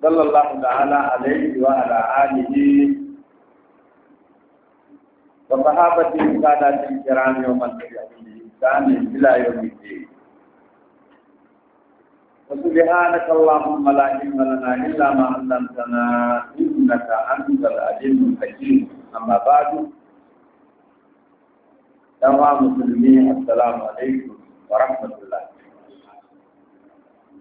sallallahu ta'ala alaihi wa ala alihi wa sahabati sadatil kiram yawm al-qiyamah كان إلى يوم الدين وسبحانك اللهم لا علم لنا إلا ما علمتنا إنك أنت العليم الحكيم أما بعد يا مسلمين السلام عليكم ورحمة الله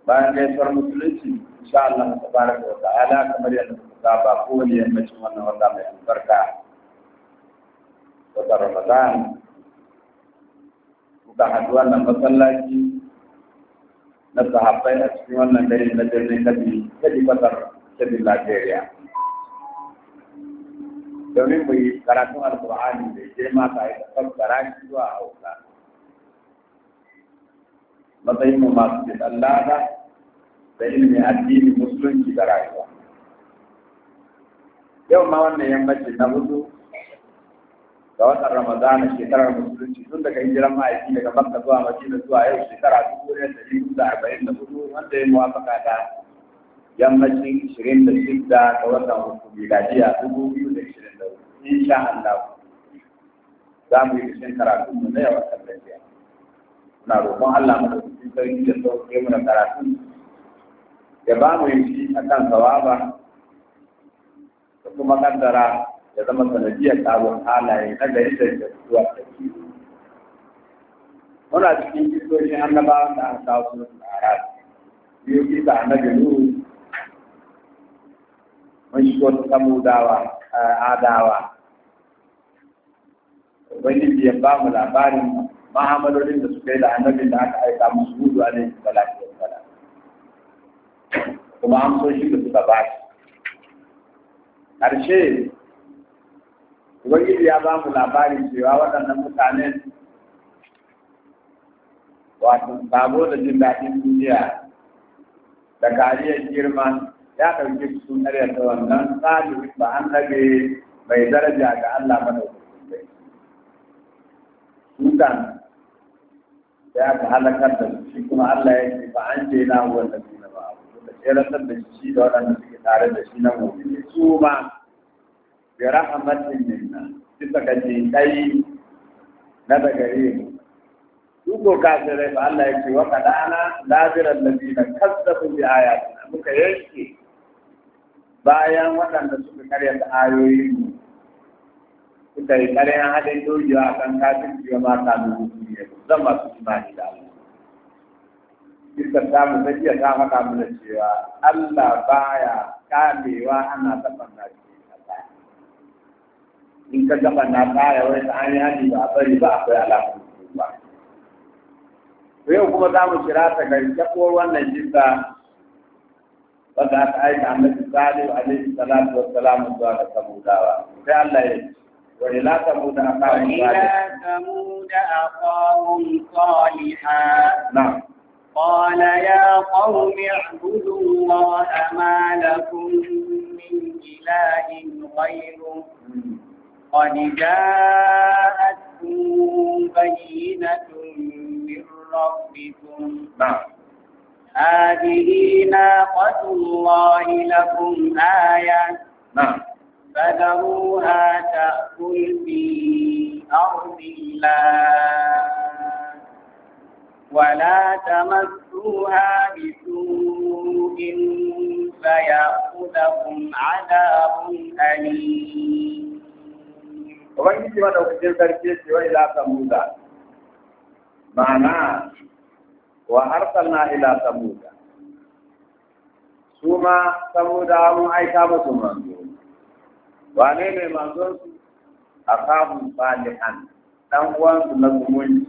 بعد يسر مسلمين insha Allah tabaraka wa ta'ala kamar yadda muka saba ko ne yammacin wannan wata mai albarka wata Ramadan haɗu wannan masallaci na sahabbai a cikin wannan dare na birnin Kabi Kabi Kwatar Kabi domin mu yi karatun da ke mata ya fassara shi zuwa hausa matsayin mu masu Allah da ilimin addini musulunci da rayuwa yau ma wannan yammacin na hudu ga watan ramadana shekarar musulunci tun daga hijiran ma'aiki daga makka zuwa madina zuwa yau shekara dubu ɗaya da dubu da arba'in da hudu wanda ya muwafaka da yammacin ishirin da shidda ga watan hudu dubu biyu da da hudu Allah za mu yi karatu mu na yau a kan lafiya roƙon Allah mu da cikin sarki da sauƙi mu da ya ba mu yi a kan sawaba da kuma kaddara ya zama sanadiyar ƙarin halaye na gari da ya zuwa ta Muna cikin kisoshin annabawan da aka kawo su a rasu. Biyu kisa annabi Nuhu mun shigo ta samudawa adawa. Ubangiji ya ba mu labarin mahamalolin da suka yi da annabin da aka aika musu hudu a laifin balaki kuma shi da suka ba shi ƙarshe ubangiji ya ba mu labarin cewa waɗannan mutanen wato sabo da jin daɗin duniya da kariyar girma ya ɗauki su sun ta wannan tsarin ba an nage mai daraja ga Allah madaukakin sai. Sukan da aka halakar da su shi kuma Allah ya ce ba an ce na wanda ke ya rasar da shi da waɗanda suke tare da shi na mummuni su ma bi rahmatin minna bisa ga jinkai na daga mu su ko kafirai ba Allah ya ce wa kadana labiran ladina kazzabu bi ayatina muka yanke bayan waɗanda suka karya da ayoyi mu suka yi karyan hadin dojiya akan kafin jiya ma ta dubu ne zan masu imani da Allah iskar damu na jiya ta faɗa mana cewa Allah baya kamewa ana taɓa na in ka taɓa na baya wai ta an yaji ba a bari ba akwai alamun ba. To yau kuma za mu kira ta ga jakuwar wannan jinta wanda aka aika annabi salihu alaihi salatu wassalamu zuwa ga samudawa sai Allah ya وإلى ثمود أخاهم صالحا وإلى ثمود أخاهم صالحا نعم قال يا قوم اعبدوا الله ما لكم من إله غيره قد جاءتكم بينة من ربكم نعم. هذه ناقة الله لكم آية نعم. فذروها تأكل في أرض الله ولا تمسوها بسوء فيأخذكم عذاب أليم Ubangiji madaukakin sarki ce wa ila samuda, ma'ana wa harsalna ila samuda, su ma samuda mun aika musu manzo, wane ne manzon a kamun salihan, ɗan uwansu na zumunci,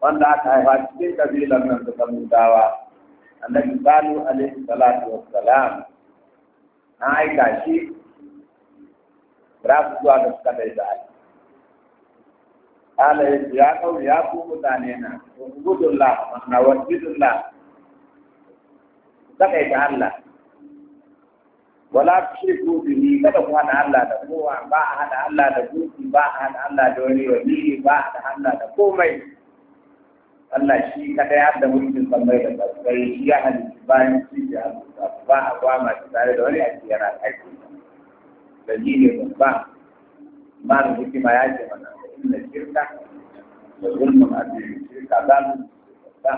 wanda aka haifa cikin kabilar nan ta samudawa annabi salu alaihi salatu wassalam na aika shi ba zuwa ga suka da ita ala yace ya kauri ya ku mutane na ubudullah na wajidullah saka ita Allah wala tushriku bihi kada ku hada Allah da kowa ba a hada Allah da duki ba a hada Allah da wani wani, ba a hada Allah da komai Allah shi kada ya da mulkin sammai da tsarkai ya ya ba bayan shi da halitta ba a kwama shi tare da wani aiki. yana ake dalilin ba ma da hikima ya ce mana inda shirka da zulmin abin shirka za mu ba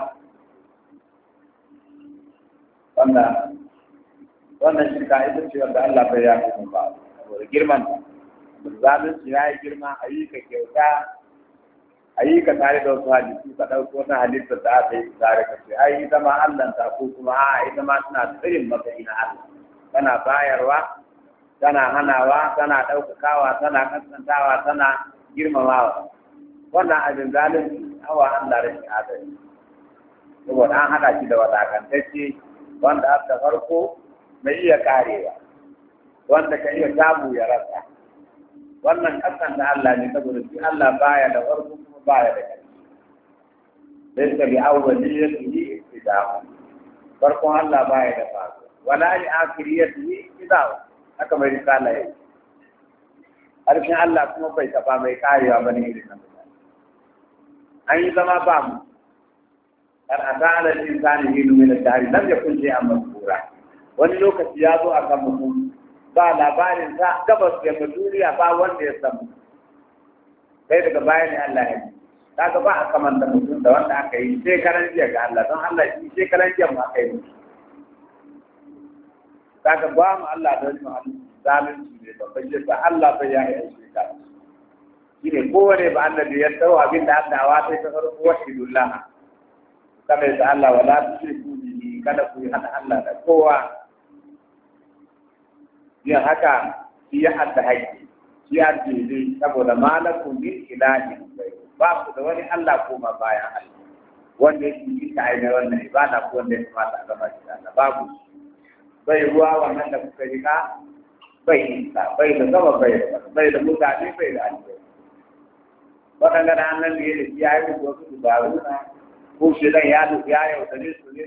wanda wannan shirka ita ce wanda Allah bai ya kuma ba saboda girman ta zalunci ya yi girma ayyuka kyauta a yi ka tare da wasu halittu ka ɗauko wata halitta da aka yi tare ka ce ai ita ma Allah ta ko kuma a ita ma tana tsirin matsayi na Allah tana bayarwa tana hanawa tana ɗaukakawa tana kasantawa tana girmamawa wannan abin zalunci hawa Allah rashin adalci saboda an haɗa shi da wadakantacce wanda aka farko mai iya karewa wanda ka iya samu ya rasa wannan kasan da Allah ne saboda shi Allah baya da farko baya da ƙarfi laysa bi awwaliyatihi ibtida'u farkon Allah baya da farko wala a li akhiriyatihi ibtida'u haka mai risala yake harshen Allah kuma bai taba mai karewa ba ne irin nan an yi zama ba mu kar a ta'ala din zani hilu min al-dari lam yakun shay'an mazkura wani lokaci ya zo a kan mutum ba labarin sa gabas da duniya ba wanda ya samu sai daga baya ne Allah ya yi kaga ba a kamanta mutum da wanda aka yi karan jiya ga Allah don Allah shi karan jiya ma aka yi kaga ba mu Allah da wani zalunci ne babban yasa Allah bai ya yi shekara shi ne kowane ba da ya tsawo abin da Allah wa sai ta farko wahidullah kama yasa Allah wala tushriku ni kada ku yi hada Allah da kowa yin haka shi ya hada haƙƙi ya dele saboda malakum min ilahin ba ku da wani Allah ko ma bayan Allah wanda ya yi ta aina wannan ibada ko wanda ya kamata a gama shi da babu bai ruwa wannan da kuka rika bai isa bai da gaba bai da bai da mutane bai da aljihu waɗanda da hannun da ya da ya yi ko su dubaru na ko shi dan ya da ya yau da ne su ne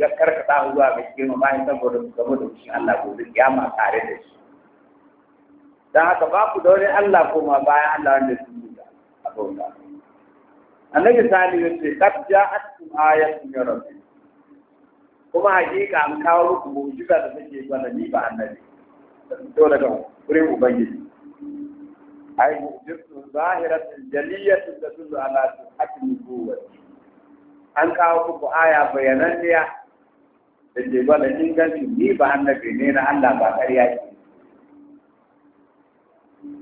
ya karkata zuwa ga cikin mai saboda su gaba da shi Allah gobe kiyama tare da shi don haka ba ku da wani Allah ma bayan Allah wanda sun buga a bauta annabi sani ya ce cikin ja'atkum sun yi rabu." kuma hakika an kawo muku mu'jiza da take gwada ni ba annabi to daga wurin ubangiji ai sun zahiratun jaliyatun tadullu ala sihhatin nubuwwati an kawo muku aya bayananniya da ke gwada ingancin ni ba annabi ne na Allah ba ƙarya ke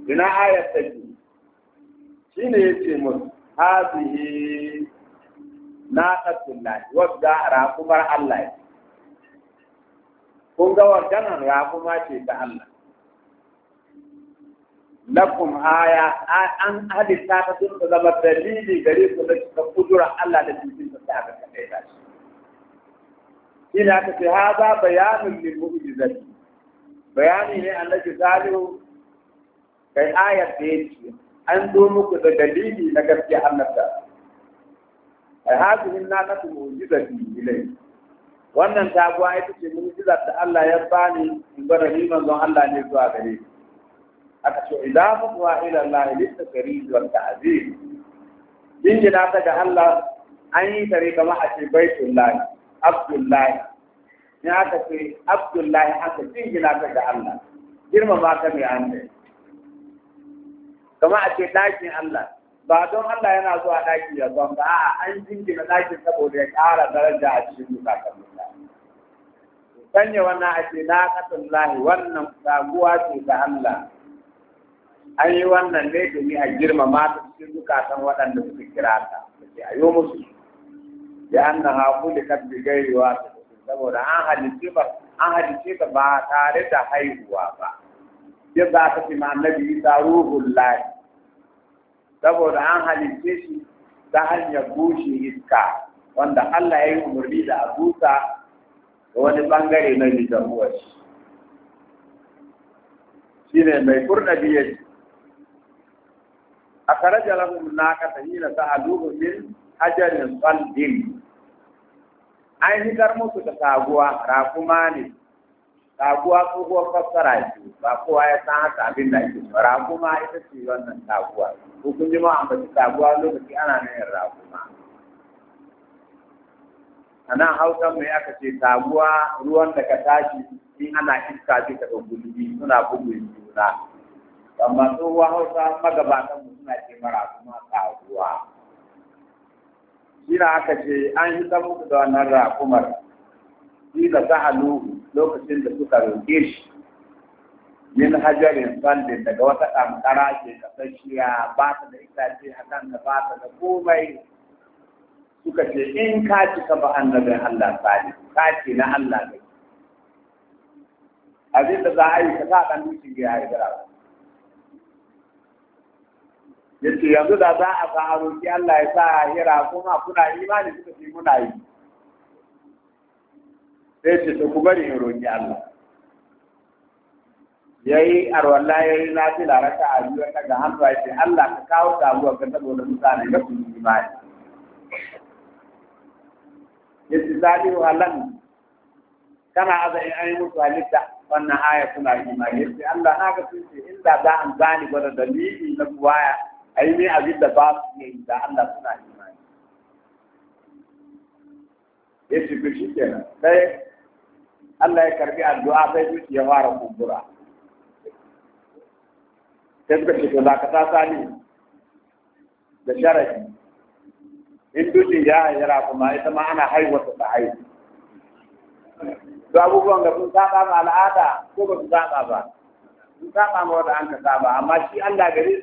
ina ayar take shi ne ya ce musu hazihi na abdullahi wadda raƙumar Allah ya kun ga wannan raƙuma ce ta Allah lakum aya an halitta ta sun da zama dalili gare ku da suka kudura Allah da cikin da aka kai ta shi ina ta ce haza bayanun lil mu'jizati bayani ne annabi zalihu kai ayar da ya ce an zo muku da dalili na gaskiya annabta ai hadihin na nasu mu'jizati ilai wannan taguwa ita ce mu'jizar da Allah ya bani in gwada ni manzon Allah ne zuwa gare ni aka ce idan wa ila Allah litakari wa ta'zim jinjina ta ga Allah an yi tare ga a ce baitullahi abdullahi ne aka ce abdullahi aka jingina ta ga Allah girma ma ka mai an dai kamar a ce ɗakin Allah ba don Allah yana zuwa ɗaki ya zuwa ba a an jingina ɗakin saboda ya ƙara daraja a cikin zukatan mutane sanya wannan a ce na ƙasar lahi wannan sabuwa ce ga Allah an yi wannan ne domin a girmama ta cikin zukatan waɗanda suka kira ta da ke ayo musu da an na haku da kasbi gairewa saboda an halice ba an halice ta ba tare da haihuwa ba yadda aka fi ma annabi isa lahi saboda an halitta shi ta hanyar bushe iska wanda Allah ya yi umarni da a busa wani bangare na littafuwar shi shi ne mai kurna biye a kare lahum na kasa yi na sa'a min hajjarin tsaldin an hitar musu da saguwa rakuma ne taguwa tsohuwar fassara ce ba kowa ya san haka abin da ake raguma ita ce wannan taguwa ko kun ji ambaci taguwa lokaci ana nan yin raguma a nan hausa mai aka ce taguwa ruwan da ka tashi in ana iska ce ta ɗauki suna bugun juna amma tsohuwar hausa magabatan mu suna ce mara kuma taguwa shi aka ce an yi muku da wannan rakumar ila sa'aluhu lokacin da suka roƙe shi min hajarin sandin daga wata kankara ke kasashiya ba ta da itace a kan da ba ta da komai suka ce in ka ci ka ba annabin Allah sani ka ci na Allah ne abin da za a yi ka sa ɗan dutsen ya haifara yace yanzu da za a sa a roƙi Allah ya sa hira kuma kuna imani suka ce muna yi sai ce ku bari in roƙi Allah Ya yi yayi arwalla yayi nafila raka a biyu ta ga hannu ya ce Allah ka kawo damuwa ga saboda mutane ga su imani yace zalihu halan kana aza in yi musu halitta wannan aya suna yi imani yace Allah na ga sun ce inda za an gane gwada dalili na kuwaya, a yi ne abin da ba su yi da Allah suna yi imani yace ku shi kenan sai Allah ya karbi addu'a sai zuciya fara kumbura sai suka ce to za ka sasa ne da sharadi in dutse ya yara kuma ita ma ana haihuwarsa ta haihu to abubuwan da sun saba ma al'ada ko ba su saba ba sun saba ma wanda an ka saba amma shi Allah gare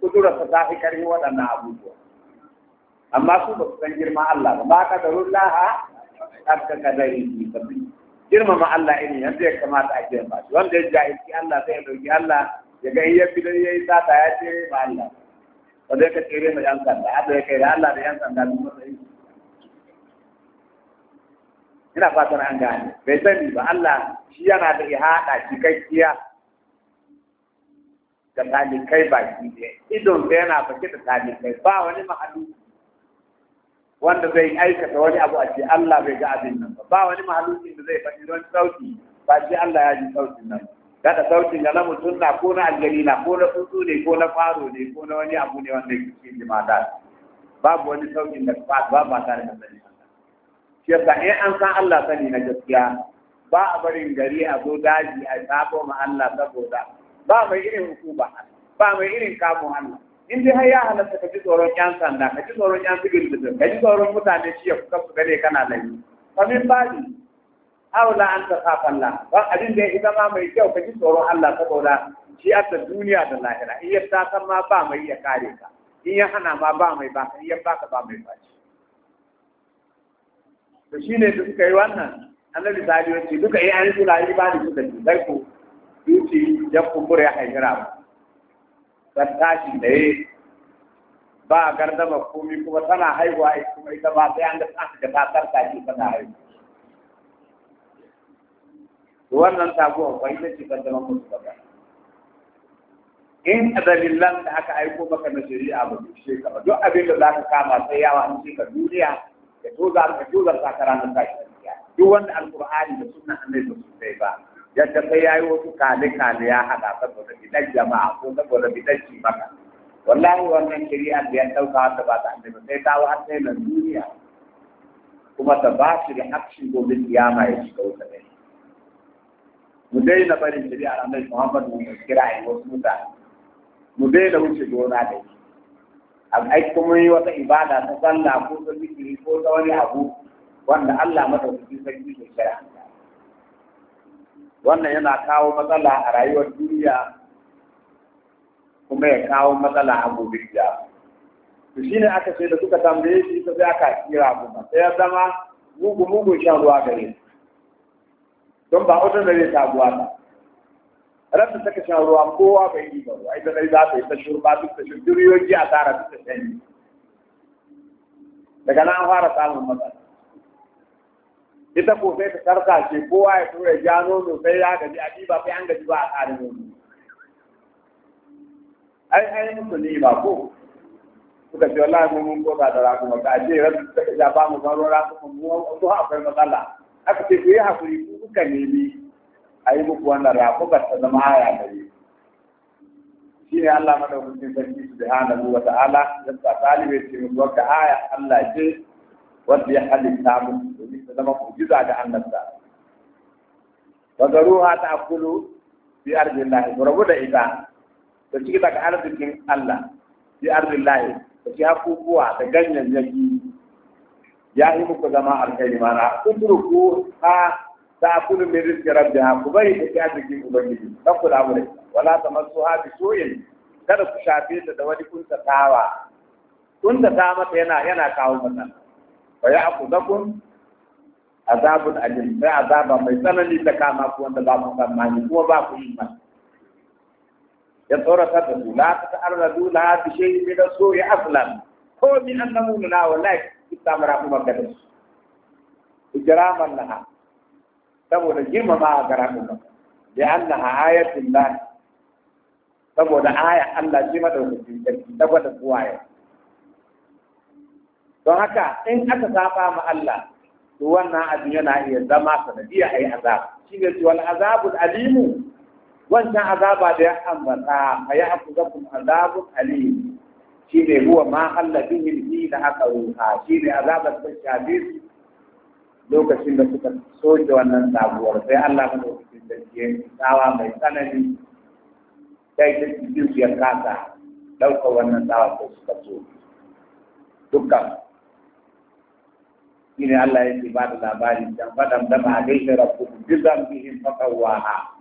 su kudurarsa ta fi karfi waɗannan abubuwa amma su ba su san girma Allah ba ba ka da rullaha ka kadari yi. sabbi girmama Allah irin yanzu ya kamata a girma shi wanda ya jahilci Allah sai ya dauki Allah ya ga in ya fito ya yi sata ya ce ba Allah ba zai ka tsere mai yan sanda haka ya kai da Allah da yan sanda duk matsayi ina fatan an gane bai sani ba Allah shi yana da ihada cikakkiya da talikai baki ne idon sa yana fake da talikai ba wani mahaluki wanda zai aikata wani abu a ce Allah bai ga abin nan ba ba wani mahalusi da zai faɗi wani sauti ba ce Allah ya ji sautin nan da sautin da na mutum na ko na aljani na ko na tsuntsu ne ko na faro ne ko na wani abu ne wanda ke cikin jimada babu wani sautin da ba ba ba tare da sani shi yasa in an san Allah sani na gaskiya ba a barin gari a zo daji a sabo ma Allah saboda ba mai irin hukuma ba mai irin kamun Allah in dai har ya halatta ka ji tsoron yan sanda ka ji tsoron yan sigil da ka ji tsoron mutane shi ya kuka su gane kana laifi fa min ba'di aula an ta khafa la ba abin da ya zama mai kyau ka ji tsoron Allah saboda shi a duniya da lahira in ya ta san ma ba mai ya kare ka in ya hana ma ba mai ba in ya baka ba mai ba to shine da suka yi wannan annabi salihu ce duka yi an sura ibadi da su dai ko yuci ya kumbura ya haira ba ta tashi yi ba a gardama komi kuma tana haihuwa ita kuma ita ba sai an ga ta shiga ta tarka shi tana haihuwa wannan taguwa kwai ta ce kaddama musu baka in dalilan da aka aiko maka na shari'a ba su ishe ka ba duk abin da za ka kama sai yawa an ce ka duniya ya tozar ka tozar ta ranar tashi duk wanda alkur'ani da sunan annabi ba su sai ba yadda sai ya yi wasu kale-kale ya haɗa saboda bidan jama'a ko saboda bidan shi maka wallahi wannan shari'a da ya ɗauka wata ba ta annabi sai ta wa sai na duniya kuma ta ba shi da action gobe kiyama ya shiga wuta ne mu daina barin shari'a annabi Muhammad mu kira ai wasu mutane mu daina wuce gona da shi ai kuma yi wata ibada ta sallah ko ta zikiri ko ta wani abu wanda Allah madaukakin sarki ke shari'a wannan yana kawo matsala a rayuwar duniya kuma ya kawo matsala a gobe da shi ne aka ce da suka tambaye shi ta sai aka kira kuma sai ya zama mugu mugun shan ruwa gare don ba wata da zai sabuwa ba rasa saka shan ruwa kowa bai yi ba ruwa da za ta yi ta shurba duk ta shurba duriyoyi a tara duk ta shanyi daga nan fara samun matsala ita ko sai ta ce kowa ya tura ya nono sai ya gaji a ɗiba sai an gaji ba a tsarin nono ai ai musu ne ba ko suka ce wallahi mun mun koka da rakuma ka ce rasu da ba mu baro rakuma mu akwai matsala aka ce ku yi hakuri ku kuka nemi a yi muku wannan rakuma ta zama haya gare shi ne Allah madaukakin sarki subhanahu wa ta'ala ya sa talibai ce mu ga haya Allah ce wanda ya halitta mu domin ta zama mu'jiza da annabta wa garuha ta'kulu bi ardillahi rabu da ita da ciki daga arzikin Allah bi ardillahi da ci hakukuwa da ganyen yaki ya yi muku zama alkhairi mana ku ha ta'kulu min rizqi rabbiha ku bari da arzikin ubangiji dan ku da amure wala tamassuha bi su'in kada ku shafe ta da wani kuntatawa kuntata mata yana yana kawo matsala ya da ya'khudhukum azabun alim da azaba mai tsanani da kama ku wanda ba ku mani kuma ba ku ba ya ta da la ta du la bi shay'in min as-su'i aslan ko min annamu la wallahi istamara kuma kada su ijraman laha saboda girmama a garatun ba da annaha ayatin lahi saboda aya Allah ce madaukakin da ta gwada kuwaye don haka in aka saba ma Allah to wannan abin yana iya zama sanadiyar ai azab shi ne wal azabul alimu wancan azaba da ya ambata fa ya hakuzakum azabul alim shi ne huwa ma Allah bihi aka ruha shi ne azabat bashadid lokacin da suka soke wannan sabuwar sai Allah madaukakin da ke tsawa mai tsanani sai ta cikin ya kasa ɗaukar wannan tsawa ko suka soke dukkan shine Allah yake ba da labarin dan fadam da ma dai da rabbu bi zambihim faqawaha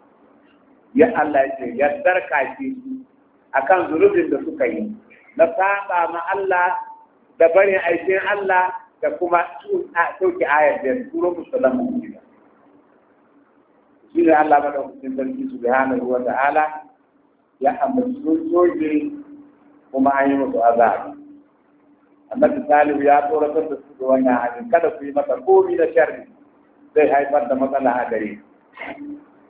ya Allah yake ya darka shi akan zunubin da suka yi na saba ma Allah da barin aikin Allah da kuma sauke ayar da turo musulman gida shi ne Allah madaukakin sarki subhanahu wa ta'ala ya sun soje kuma an yi musu azabi annabi salihu ya tsoratar da su da wannan halin kada ku yi masa komi na sharri zai haifar da matsala a gare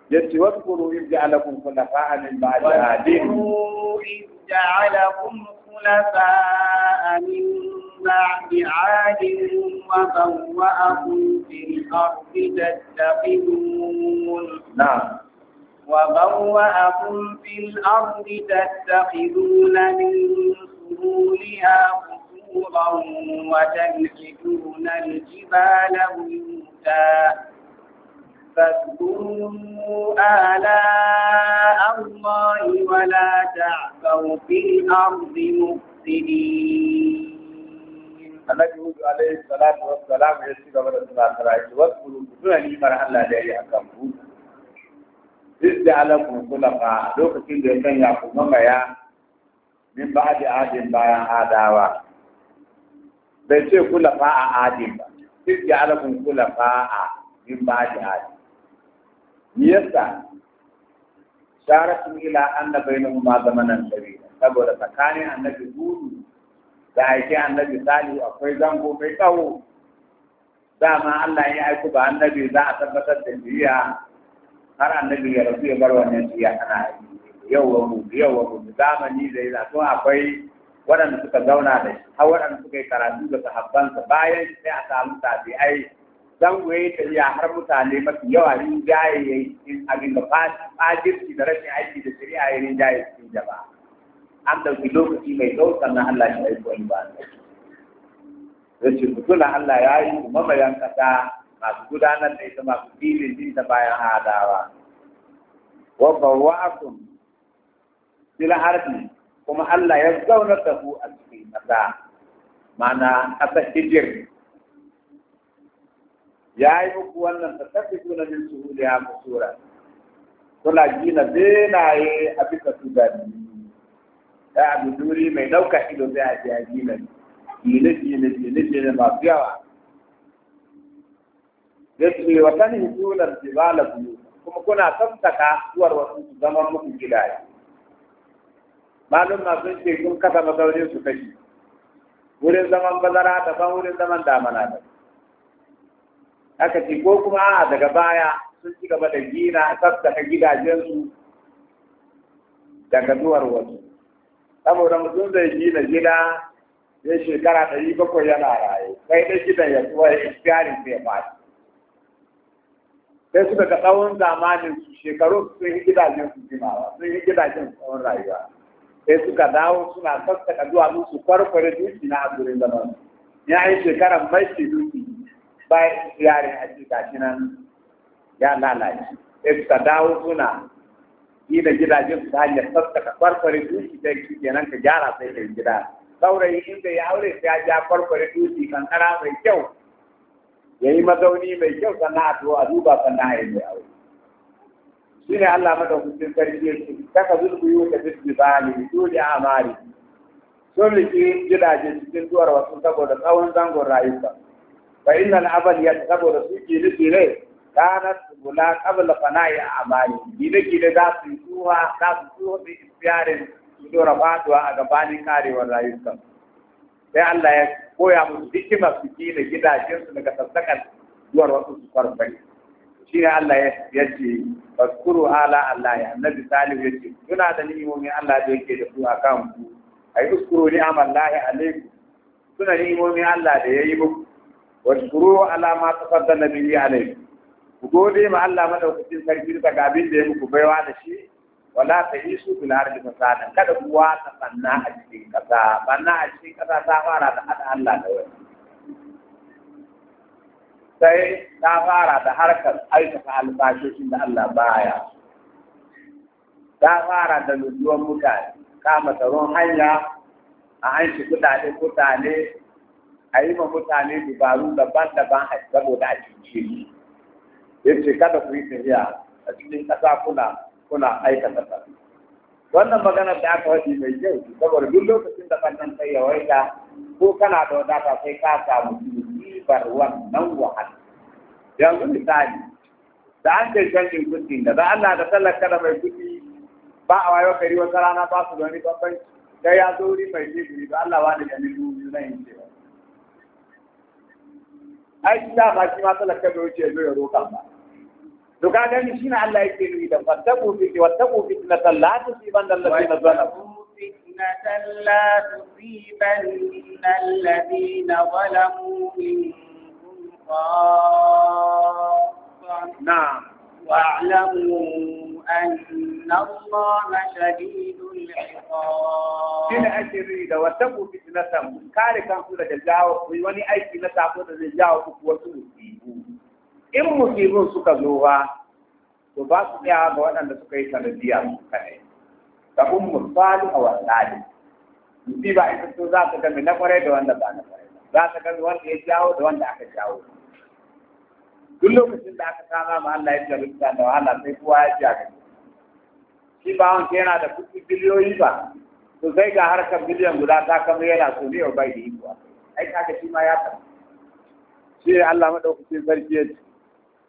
yace wadkuru iz ja'alakum khulafa'a min ba'di 'adin iz ja'alakum khulafa'a min ba'di 'adin wa bawwa'akum fil ardi tattaqun na'am وبوأكم في الأرض تتخذون من سهولها قرا وتنحتون الجبال بيوتا فاذكروا آلاء الله ولا تعثوا في الأرض مفسدين Annabi Hudu alaihi salatu wa salam ya ci gaba da tunatara shi wasu rubutuna limar da ya yi akan Duk da alaƙun kulafa lokacin da ya sanya ku mamaya min ba da adin bayan adawa. bai ce kula fa'a adin ba duk ya alakun kula fa'a min ba da adin yasa sharatu ila anna bainahuma zamanan sabila saboda tsakanin annabi hudu da aiki annabi salihu akwai zango mai tsawo dama Allah ya aiko ba annabi za a tabbatar da jiya har annabi ya rasu ya bar wannan jiya kana yi yau wa mu yau wa zamani da yana akwai waɗanda suka zauna da shi har waɗanda suka yi karatu da sahabbansa bayan sai a samu tabi'ai dan goye ta iya har mutane mafi yawa rinjaye ya yi cikin abin da fajirci da rashin aiki da shari'a ya rinjaye cikin jama'a an ɗauki lokaci mai tsawo sannan Allah shi aiko wani ba da ce fitula Allah ya yi mamayan ƙasa masu gudanar da ita masu filin din da bayan hadawa wa bawwa'akum fil harbi kuma Allah ya zaunar da mu a cikin ƙasa mana ƙasar hijir ya yi muku wannan ta tafi suna min suhuli a musura kuna gina benaye a bisa su da abu duri mai ɗauka ido sai a jiya gina gine gine gine gine masu yawa yace watan hisunar jibala kuma kuna sassaka suwar wasu su zama muku gidaje malum na sun ce sun kasa masaurin su kashi wurin zaman bazara ban wurin zaman damana da aka ce ko kuma a daga baya sun ci gaba da gina tsaftaka gidajensu daga zuwar wasu saboda mutum zai gina gida ya shekara ɗari bakwai yana raye sai dai gidan ya zuwa ya iskiyarin sai ba sai suka ga tsawon zamanin su shekaru sun yi gidajen su jimawa sun yi gidajen tsawon rayuwa sai suka dawo suna sassaka zuwa musu farfare dutse na azurin zaman ya yi shekarar mashi dutse bayan yarin a gashi nan ya lalace sai suka dawo suna gina gidajen su ta hanyar sassaka farfare dutse da kenan ka gyara sai da gida saurayi inda ya aure sai ya ja farfare dutse kankara mai kyau ya yi mazauni mai kyau sannan a duba sannan a yi mai aure shine Allah madaukakin sarki yake saka zulku ta bisbi a mari amari dole ki gidaje cikin duwar wasu saboda tsawon zangon rayuwa fa na abal ya saboda su ke nufi rai kanat bula qabla fana'i mari gida gida za su yi tuwa za su tuwa su istiyarin su dora fatuwa a gabanin karewar rayuwa sai Allah ya koya musu hikimar su gidajen gidajensu daga sassakan duwar wasu su farfari shi ne Allah ya ce faskuru ala Allah ya annabi Salim ya ce tuna da ni'imomin Allah da yake da ku a kan ku ai uskuru ni amallahi alaikum tuna ni'imomin Allah da yayi muku waskuru ala ma tafaddala bihi alaikum ku gode ma Allah madaukakin sarki da ga da ya muku baiwa da shi wala ta yi su bil ardi fasada kada kuwa ta sanna a cikin kasa sanna a cikin kasa ta fara da Allah da wani sai ta fara da harkar aikata albashoshin da Allah baya ta fara da lulluwan mutane kama tsaron hanya a hanci kudade kudade a yi ma mutane dubaru daban-daban saboda a cince ya ce kada ku yi tafiya a cikin ƙasa kuna kuna aikata ta wannan maganar da aka waje mai kyau saboda duk lokacin da ɓannan sai ya waita ko kana da wadata sai ka samu ribar wannan wahala yanzu misali da an ce canjin kuɗi da za Allah da tallaka da mai kuɗi ba a wayo kari wata rana ba su da wani babban da ya zo wuri mai jibiri da Allah wani da nemi biyu na yin ce ai shi da ba shi ma tallaka da wuce zo ya roƙa ba Duk ka gani shi na Allah yake nufi da fattaku fi wattaku fitnatan la tusibanna na zalamu فتنة لا تصيبن الذين ظلموا منكم خاصة نعم واعلموا أن الله شديد العقاب إن أشريد وتبوا فتنة كاري كان كل جلجاو ويواني أي فتنة أقول جلجاو كوكوة in musibin suka zo ba to ba su tsaya ga waɗanda suka yi sanadiyya su kaɗai ka ummu salu aw salih musiba ita so za ta gami na kwarai da wanda ba na kwarai za ta gami wanda ya jawo da wanda aka jawo duk lokacin da aka kama ma Allah ya jarumta da wahala sai kowa ya ji a gani shi ba wanke yana da kuɗi biliyoyi ba to sai ga harkar biliyan guda ta kama yana so ne yau bai da yi kuwa ai kaga shi ma ya tafi shi Allah madaukakin sarki ya ce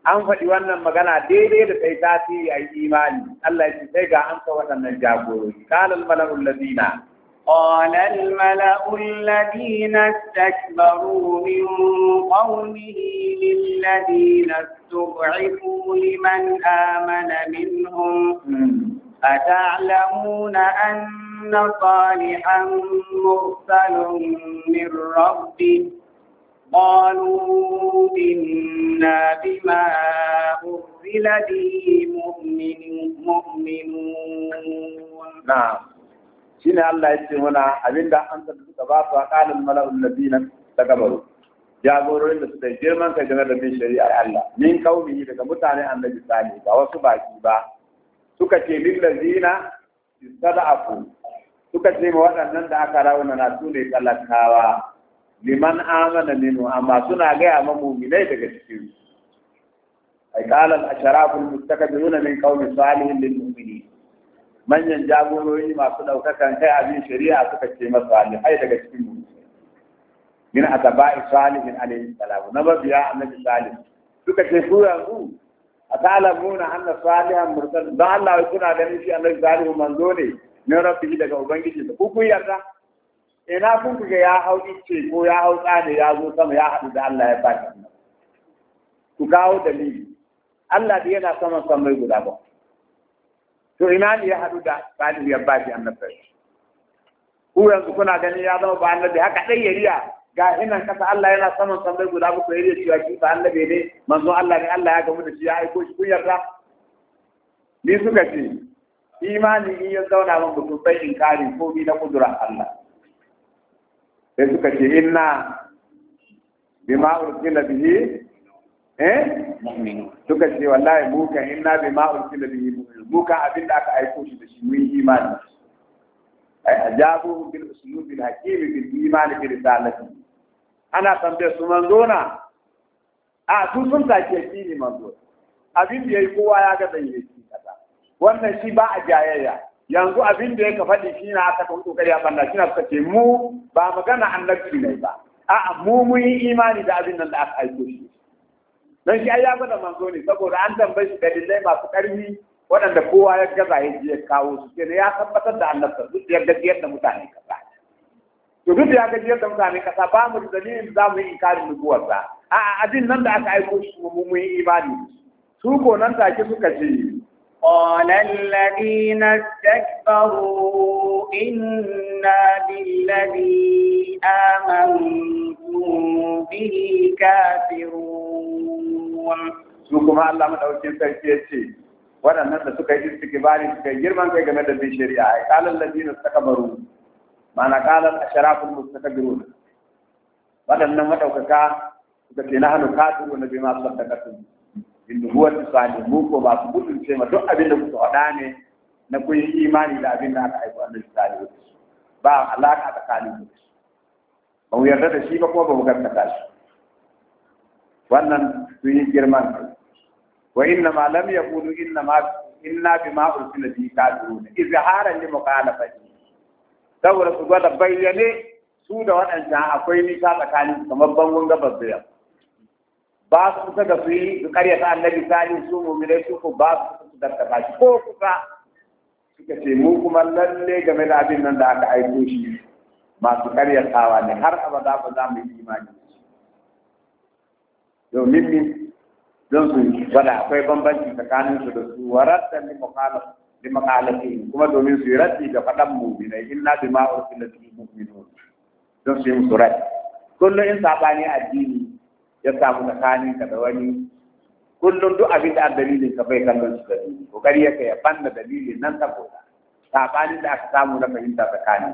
an faɗi wannan magana daidai da sai tasiri a yi imani Allah ya ce sai ga an ka waɗannan jagorori kalal mala'ul ladina قال الملأ الذين استكبروا من قومه للذين استضعفوا لمن آمن منهم أتعلمون أن صالحا مرسل من ربه قالوا إنا بما أرسل به مؤمنون نعم شين الله يسمونا أبين دا أنت تتباط وقال الملأ الذين تكبروا jagororin da suka girman kai game da bin shari'ar Allah min kaumihi daga mutane annabi sani ba wasu baki ba suka ce lillazina istada'afu suka ce ma waɗannan da aka rauna na su ne talakawa liman amana minhu amma suna gaya ma mu'minai daga cikin su ai qala al asharaf al mustakbiruna min qawmi salihin lil mu'minin manyan jagorori masu daukakan kai abin shari'a suka ce masa salihai daga cikin mu min ataba salihin alayhi salam na mabiya annabi salih suka ce ku yanzu atalamuna anna salihan mursal da Allah kuna ganin shi annabi salih manzo ne ne rabbi daga ubangiji ku ku yarda ina kun kuga ya hau ice ko ya hau tsani ya zo sama ya haɗu da Allah ya baki ku kawo dalili Allah da yana sama sama mai guda ba to ina ne ya haɗu da tsani ya baki annabi ku yanzu kuna gani ya zama ba annabi haka dai yariya ga ina kasa Allah yana saman sama mai guda ba ku yariya cewa ki ba annabi ne manzo Allah ne Allah ya gamu da shi ya aiko shi kun yarda ni suka ce imani in ya zauna man mutum bai inkari ko bi na kudura Allah sai suka ce inna bima ursila bihi eh suka ce wallahi mu kan inna bima ursila bihi mu kan abin da aka aiko shi da shi mun imani ai ajabu bil uslub bil hakim bil iman bil risalati ana tambaye su manzo na a su sun take shi ne manzo abin da yayi kowa ya ga dan yake kasa wannan shi ba a jayayya yanzu abin da ya faɗi shi na aka kawo kokari a banda shi na suka ce mu ba magana annabci ne ba a'a mu mun yi imani da abin nan da aka aiko shi don shi ayya ya gwada manzo ne saboda an tambaye shi dalilai masu ƙarfi waɗanda kowa ya gaza ya je kawo su ne ya tabbatar da annabta duk ya gaji yadda mutane kasa to duk ya gaji yadda mutane kasa ba mu da dalilin za mu yi inkarin nubuwarsa a'a abin nan da aka aiko shi mu mun yi imani su ko nan take suka ce قال الذين استكبروا إنا بالذي آمنتم به كافرون سوكما الله من أوكين تركيتي waɗannan da suka yi istikbari suka yi girman kai game da bin shari'a ai qalan ladina istakbaru ma'ana qalan asharaful mustakbirun waɗannan madaukaka suka ce nahnu kafirun bima saddaqtum inda huwa tisali mu ba su gudun ce ma duk abin da ku faɗa ne na kun yi imani da abin da aka haifa annabi sallallahu alaihi ba alaka tsakanin mu ba mu yarda da shi ba kuma ba mu gaskata shi wannan su yi girman wa inna ma lam yaqulu inna ma inna bima ursila bi kafirun izharan li muqalafati saboda su gwada bayyane su da waɗancan akwai nisa tsakanin kamar bangon gabas da ba su kusa da su yi karyata annabi sani su mu'minai su ko ba su kusa da ta fashi ko kusa suka ce mu kuma lalle game da abin nan da aka aiko shi masu karyatawa ne har abada ba za mu yi imani domin min don su wada akwai bambanci tsakanin su da su warar da ni makalar li kuma domin su yi rati da faɗan mu'minai inna bima bi bihi mu'minun don su yi musu raddi kullum in sabani addini ya samu tsakanin ka da wani kullum duk abin da an dalilin ka bai kallon shi dalili kokari yake ya fanna dalilin nan saboda sabanin da aka samu na fahimta tsakani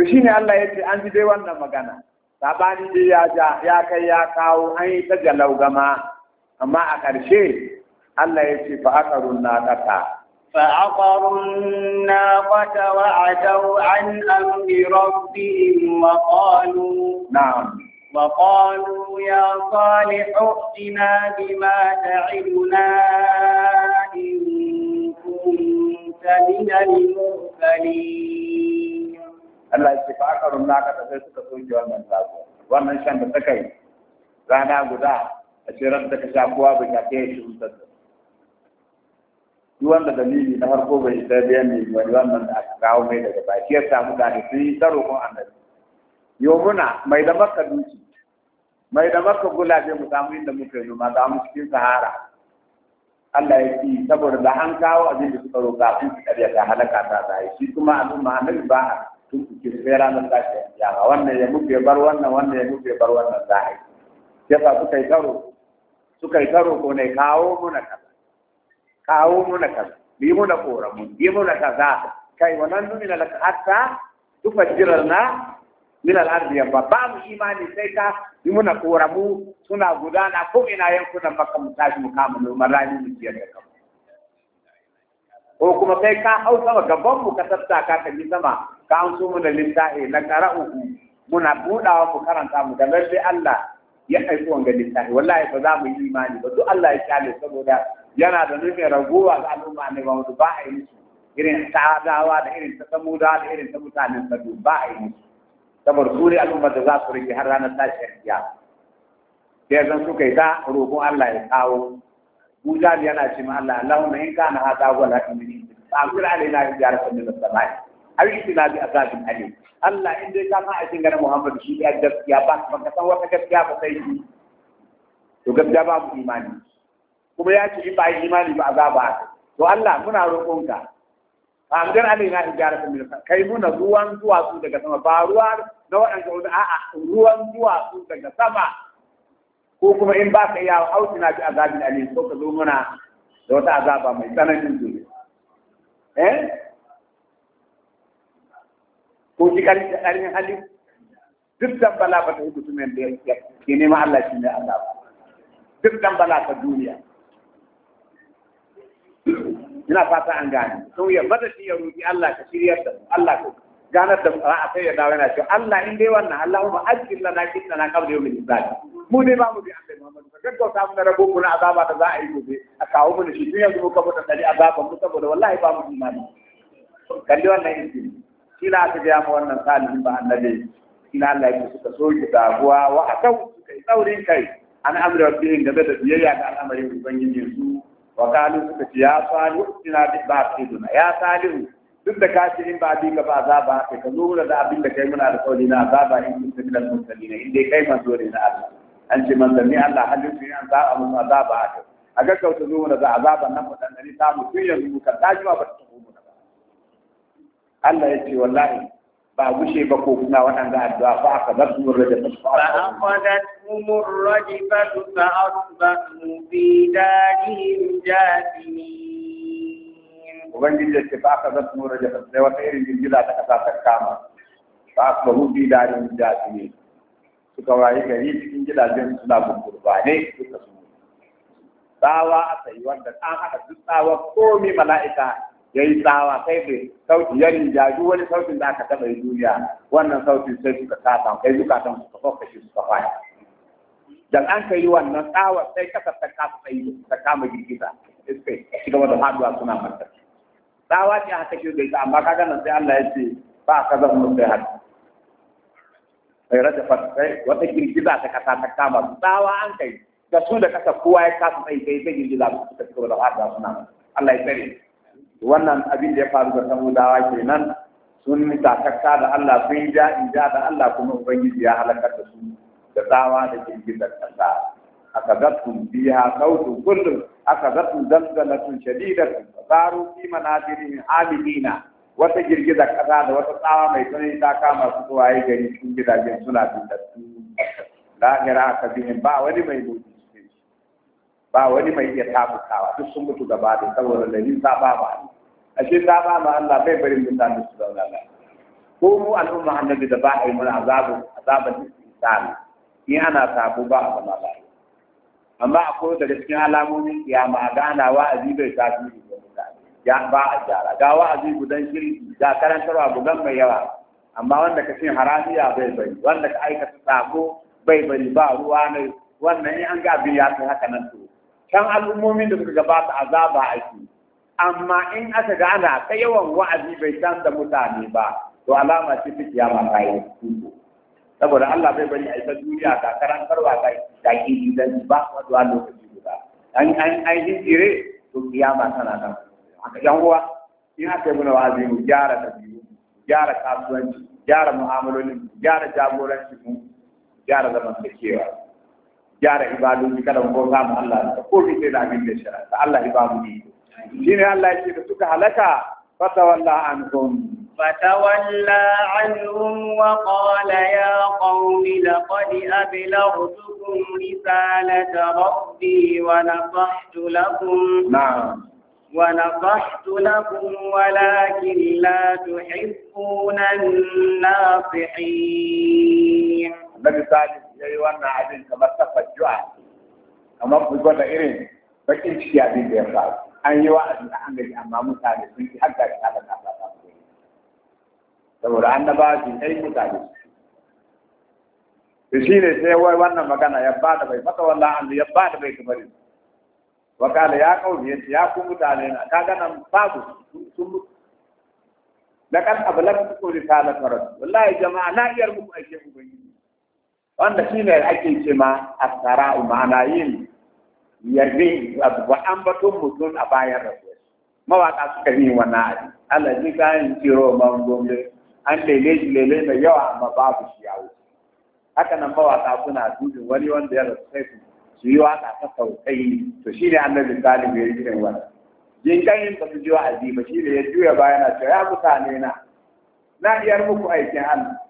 to shine Allah ya ce an ji dai wannan magana sabani dai ya ja ya kai ya kawo an yi ta jalau gama amma a ƙarshe Allah ya ce fa aqarun naqata fa aqarun naqata wa adaw an amri rabbihim wa qalu na'am وقالوا يا صالح ائتنا بما تعدنا إن كنت من المرسلين ya ce fa aka da ta yi rana da ka na farko aka mai daga ta yomuna mai da maka duki mai da maka gulabe mu samu inda muka yi noma ga mu cikin sahara Allah ya ci saboda da an kawo abin da suka roƙa sun su ƙarya ta halaka ta zai shi kuma ma hannun ba tun ku ke sai ranar tashi yawa wannan ya muke bar wannan wannan ya muke bar wannan zai yasa suka yi karo suka yi karo ko ne kawo muna kaza kawo muna kaza bi muna koramu bi muna kaza kai wannan nuni na laka hatta na. min al-ardi yamba ba mu imani sai ka yi muna koramu suna gudana ko ina yankunan maka mu tashi mu kama rani mu ciyar da kanmu ko kuma kai ka hau sama gaban mu ka tattaka ka ji sama ka an so mu da littafi na qara'uhu muna budawa mu karanta mu da lalle Allah ya aiko wanga littafi wallahi ba za mu yi imani ba duk Allah ya kyale saboda yana da nufin raguwa ga al'umma ne ba mu ba a yi irin tsadawa da irin ta da irin ta mutanen ba a yi saboda su ne al'ummar da za su rike har ranar tashin ya sai zan suka yi ta roƙon Allah ya kawo Bujal yana ce ma Allah Allahumma in kana hada wala inni ta'amur alaina bi jarfin min as-sama'i aw itina bi azabin Ali. Allah in dai ka ma aikin garin Muhammad shi ya gaskiya ba ka san wata gaskiya ba sai shi to gaskiya ba mu imani kuma ya ce in ba imani ba azaba to Allah muna roƙonka na alaina hijaratan min kai muna ruwan zuwa su daga sama ba ruwa na waɗanda wani a'a ruwan zuwa su daga sama ko kuma in ba ka iya autina fi azabin alim ko ka zo muna da wata azaba mai tsananin dole eh ko shi kari da ɗarin hali duk dan bala ba ta yi kutumin da ya ke nema Allah shi ne azaba duk dan bala ta duniya ina fata an gane to ya bada shi ya roki Allah ka shiryar da Allah ko ganar da ra'a sai ya dawo yana cewa Allah in dai wannan Allahumma ajil lana kitna qabla yawmin hisab mu dai ba mu bi annabi Muhammad ka gaggauta mu na rabo mu na azaba da za a yi gobe a kawo mu shi tun yanzu muka mutu dari azaba mu saboda wallahi ba mu imani kan dai wannan yin shi la ta ga mu wannan salihin ba annabi ina Allah ya suka soke daguwa wa akau kai kai tsaurin kai an amri rabbihim game da biyayya da al'amarin su wa kalu suka ce ya salihu ina bi ba duna ya salihu duk da ka ce in ba bi ka ba za ba ka ka nuna da abin da kai muna da kauli na azaba in kun tafi da musulmi in dai kai manzo ne na Allah an ce manzanni Allah halin su an za a musu azaba haka a ga gaggauta nuna da azaban nan azaba nan mutane samu tun yanzu ka tajima ba ta tafi mu Allah ya ce wallahi ba gushe ba ko kuna waɗanda addu'a Ba aka bar su murrada ta ba aqadat umur rajifa fa asbatu fi darihim jasimin ubangiji da ce ba aka da su murrada ta sai wata irin jinjila ta kasa ta kama fa asbahu fi darihim jasimin suka wayi gari cikin gidajen suna gurbane. suka su tsawa a sayi wanda an haɗa duk tsawa komi mala'ika ya yi tsawa kai bai sauti ya rinja duk wani sautin da aka taɓa yi duniya wannan sautin sai suka kasa kai zukatan suka fokashi suka faya dan an ka yi wannan tsawa sai kasar ta kasa tsayi ta kama girgiza iskai shi gaba da haduwa suna manta tsawa ce haka ke zai amma kaga nan sai Allah ya ce ba ka zan mu sai haɗu. sai raja sai wata girgiza ta kasa ta kama tsawa an kai da su da kasa kowa ya kasa tsayi kai sai girgiza su suka ci gaba da haduwa suna Allah ya tsare wannan abin da ya faru ga samudawa kenan sun takakka da Allah sun yi ja in ja da Allah kuma ubangiji ya halakar da su da tsawa da girgizar kasa aka biya a sautu kullum aka zattu zalzalatun shadidatun fasaru fi jirgin amilina wata girgizar ƙasa da wata tsawa mai tsanani ta kama su zuwa gari cikin gidajen suna fitattu lahira aka bihin ba wani mai mutu ba wani mai iya tabutawa duk sun mutu gaba da saboda ni saba ma A shi saba ma Allah bai bari mutane su zauna lafiya ko mu al'umma annabi da ba a yi mana azabu azaban istisal ni ana sabo ba a zama ba amma akwai daga cikin alamomin kiyama gana wa'azi bai da ga mutane ya ba a gyara ga wa'azi gudan shirki ga karantarwa gudan mai yawa amma wanda ka cin haramiya bai bari wanda ka aikata sabo bai bari ba ruwa ne wannan in an ga abin ya kai haka nan to can al'ummomin da suka gabata azaba ake amma in aka ga ana ta yawan wa'azi bai canza mutane ba to alama ce ta kiyama ta yi saboda Allah bai bari a ita duniya ga karantarwa ga ga kidan ba wato a lokaci guda an an an hijire to kiyama tana nan haka yan uwa in aka yi muna wa'azi mu gyara dabi'u gyara kasuwanci gyara mu'amalolin gyara jagoranci mu gyara zaman da zamantakewa Yara ibadoji kada mu ga mu Allah da ko bi da abin da shara Allah ibadu ne shine Allah yake da suka halaka fatawalla anhum فتولى عنهم ya يا قوم لقد أبلغتكم رسالة ربي ونصحت لكم نعم ونصحت لكم ولكن لا تحبون الناصحين النبي صالح ya yi wannan abin kamar tafajju'a kamar ku gwada irin bakin ciki abin da ya faru an yi wa'azi da an gaji amma mutane sun ci har gashi ala na ba saboda daba su ɗai mutane su shi ne sai wai wannan magana ya ba da bai mata wallah an ya ba da bai kamar wakala ya kauye ya ku mutane na kaga gana babu sun لقد أبلغتكم رسالة ربي والله يا جماعة لا يرمكم أي شيء wanda shi ne ake ce ma a asara ma'ana yin yarbe wa ambaton mutum a bayan rasu mawaka suka yi wannan abu Allah ji kayan ciro ma gombe an lele shi lele mai yawa amma babu shi yawo haka nan mawaka suna dubin wani wanda ya rasu sai su yi waka ta saukai to shi ne annabi salim ya yi irin wani. jinkayin ba su ji wa'azi ba shi ne ya juya bayana cewa ya mutane na na iyar muku aikin Allah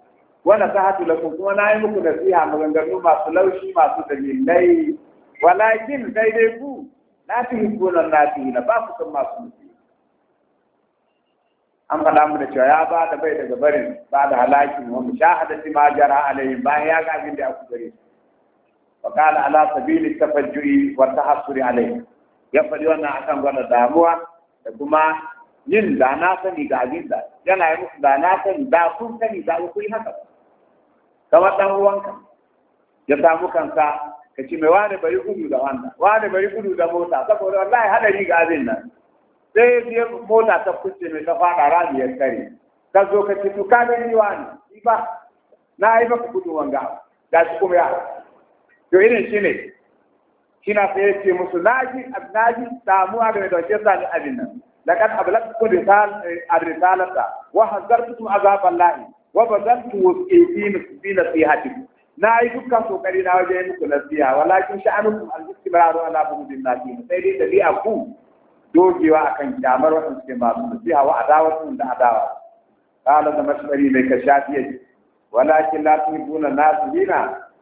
wanda ta hatu lakum kuma na yi muku nasiha maganganu masu laushi masu dalilai walakin sai dai ku na fi hibbunan na fi na ba ku san masu nufi an faɗa mu da cewa ya ba da bai daga barin ba da halakin wa mu shahadati ma jara alaihim bayan ya ga abin da aku gare su wa qala ala sabili tafajjuri wa tahassuri alaihim ya faɗi wannan akan gwada damuwa da kuma yin da na sani ga abin da yana yi musu da na sani da kun sani za ku yi haka kamar ɗan ruwanka ya samu kansa ka ci mai wani bari gudu da wannan wani bari gudu da mota saboda wallahi hadari ga abin nan sai ya biya mota ta kuce mai ta fada rami ya kare ka zo ka ci tuka da yi wani ni ba na yi maka gudu wanga da su kuma ya to irin shi ne shi na sai ya ce musu naji naji damuwa game da wajen zani abin nan لقد أبلغتكم رسالة الرسالة وحذرتكم عذاب الله wa bazantu wasqifin fi nasihati na yi dukkan kokari na wajen muku nasiha walakin sha'anukum al-istibraru ala bughdi nasihin sai dai a ku dogewa akan kyamar waɗanda suke masu siya wa adawatun da adawa qala da mashari mai kashafiya walakin la tuhibuna aiki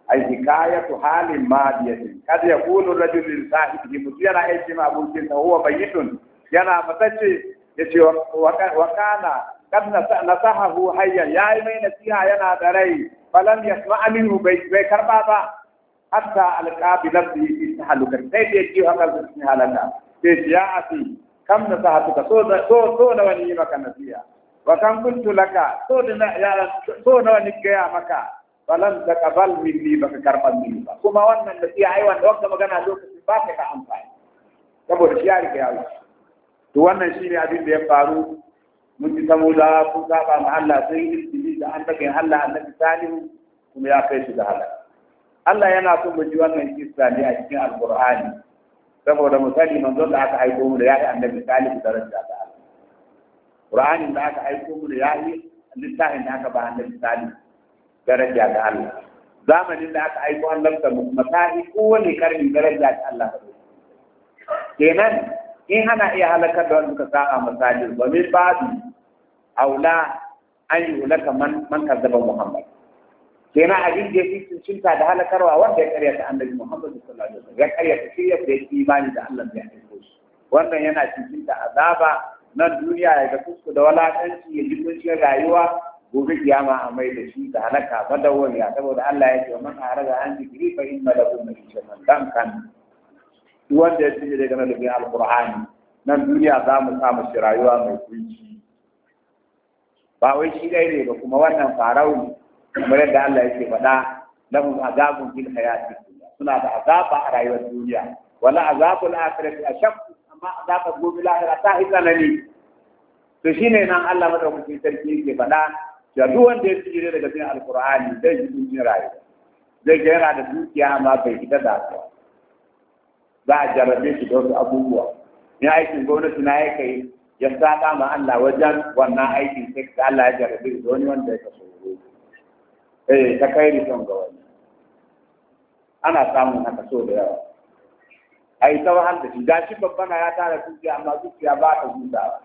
ay hikayatu halin madiyatin kad yaqulu rajul lil sahibi mutiyana ay jama'a bulkin huwa bayyitun yana ya ce wa kana kad nasahahu hayyan yi mai nasiha yana da rai falam yasma minhu bai bai karba ba hatta alqa bi yi fi tahalluka sai dai ji haka sun halaka sai ya asi kam nasahatuka so so so na wani yi maka nasiha wa kan kuntu laka so na ya so wani gaya maka falam taqabal minni baka karban minni ba kuma wannan nasiha ai wanda wanda magana lokacin ba ka amfani saboda shi ya riga ya wuce to wannan shine abin da ya faru mun ji da kun saba ma Allah sai izini da an daga Allah annabi salih kuma ya kai shi da halaka Allah yana so mu ji wannan kissa ne a cikin alqur'ani saboda mu sani manzon da aka aiko mu da ya yi annabi da daraja da Allah qur'ani da aka aiko mu da ya yi littafin da aka ba annabi salihu daraja da Allah zamanin da aka aiko annabta mu matahi kowane karni daraja da Allah kenan in ana iya halakar da wanda suka saba masajin ba min babu aula an yi hulaka man man kazzaba muhammad kenan abin da fi cincinta da halakarwa wanda ya karyata annabi muhammad sallallahu wasallam ya karyata shi ya fi imani da Allah ya aiko shi wannan yana cincinta azaba nan duniya ya ga kusku da walakanci ya ji kuncin rayuwa gobe kiyama a mai da shi da halaka ya saboda Allah ya ce wa man harada an zikri fa inna man dan kan wanda ya shige daga nan da alqur'ani nan duniya za mu samu shi rayuwa mai kunci ba wai shi ɗaya ne ba kuma wannan farau kamar yadda Allah yake faɗa lahum azabun fil hayati suna da azaba a rayuwar duniya wala azabul akhirati shafi amma azabar gobe lahira ta yi tsanani to shine nan Allah madaukakin sarki yake faɗa ya duk wanda ya tsire daga cikin alqur'ani zai ji duniya rayuwa zai gyara da dukiya amma bai fita da ta za a jarrabe shi da wasu abubuwa Ni aikin gwamnati na ya kai ya saka ma Allah wajen wannan aikin sai ka Allah ya jarrabe shi da wani wanda ya kaso eh ta kai rison ga wani ana samun haka so da yawa a yi ta wahal da shi da shi babban ya tara zuciya amma zuciya ba ta hutawa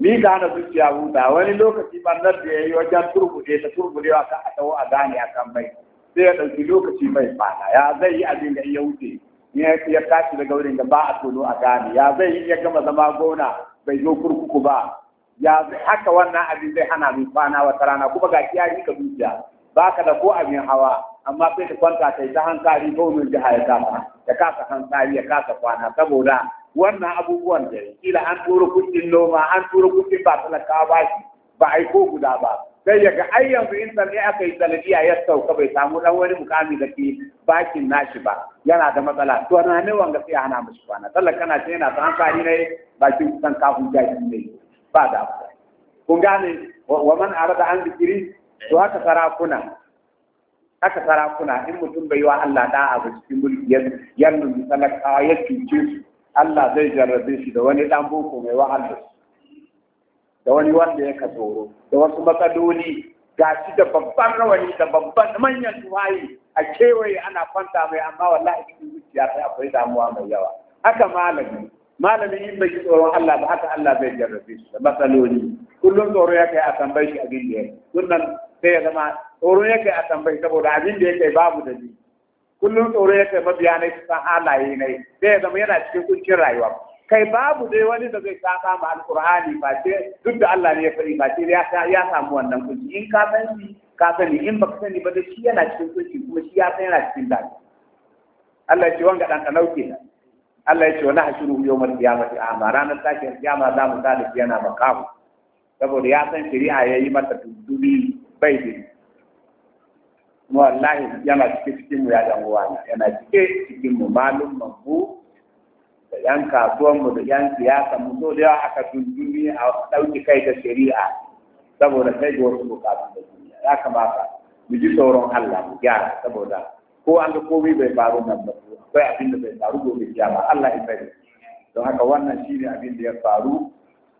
ni ka hana zuciya huta wani lokaci bannar da ya yi wajen turbude ta turbudewa ka a tawo a gane a kan mai sai ya ɗauki lokaci mai fata ya zai yi abin da ya wuce ya tashi daga wurin da ba a tono a gane ya zai yi ya gama zama gona bai zo kurkuku ba ya haka wannan abin zai hana mu kwana wata rana kuma ga kiyaye ka dukiya ba ka da ko abin hawa amma sai ka kwanta kai ta hankali ko min jiha ya kasa ya kasa hankali ya kasa kwana saboda wannan abubuwan da kila an turo kudin noma an turo kudin ba talakawa ba shi ba ko guda ba sai ya ga ai yanzu in tsalle aka yi talabiya ya sauka bai samu dan wani mukami da ke bakin nashi ba yana da matsala to na ne wanga sai hana mishi kwana sallar kana ce yana san fari ne bakin kusan kafin jaji ne ba da ku kun gane wa man arada an zikiri to haka sarakuna haka sarakuna in mutum bai yi wa Allah da abu cikin mulki yanzu yanzu talakawa ya cuce Allah zai jarrabe shi da wani dan boko mai wahala. da wani wanda ya tsoro da wasu matsaloli ga shi da babban rawani da babban manyan tuwaye a kewaye ana kwanta mai amma wallahi cikin zuciya sai akwai damuwa mai yawa haka malami malami in bai tsoron Allah ba haka Allah bai jarrabe shi da matsaloli kullum tsoro ya kai a tambayi shi abin da ya sunan sai ya zama tsoro ya kai a tambayi saboda abin da ya kai babu da ni kullum tsoro ya kai mabiya ne san halaye ne sai ya zama yana cikin kuncin rayuwa kai babu dai wani da zai saba ma alkur'ani ba ce duk da Allah ne ya fari ba ce ya samu wannan kunci in ka san shi ka sani in baka sani ba da shi yana cikin kunci kuma shi ya san yana cikin dadi Allah ya ce wanga dan kanau kenan Allah ya ce wala hashuru yawmal qiyamati a'ma ranar takin kiyama za mu tada yana makamu saboda ya san shari'a yayi mata tuddubi bai dai wallahi yana cike cikin mu ya dan uwa yana cike cikin mu malum mabbu da yan kasuwanmu da yan siyasa mu so da yawa aka tuntuni a ɗauki kai da shari'a saboda kai ga wasu bukatu da duniya ya kamata mu ji tsoron Allah mu gyara saboda ko an ga komai bai faru nan ba akwai abin da bai faru gobe ba Allah ya bari don haka wannan shine abin da ya faru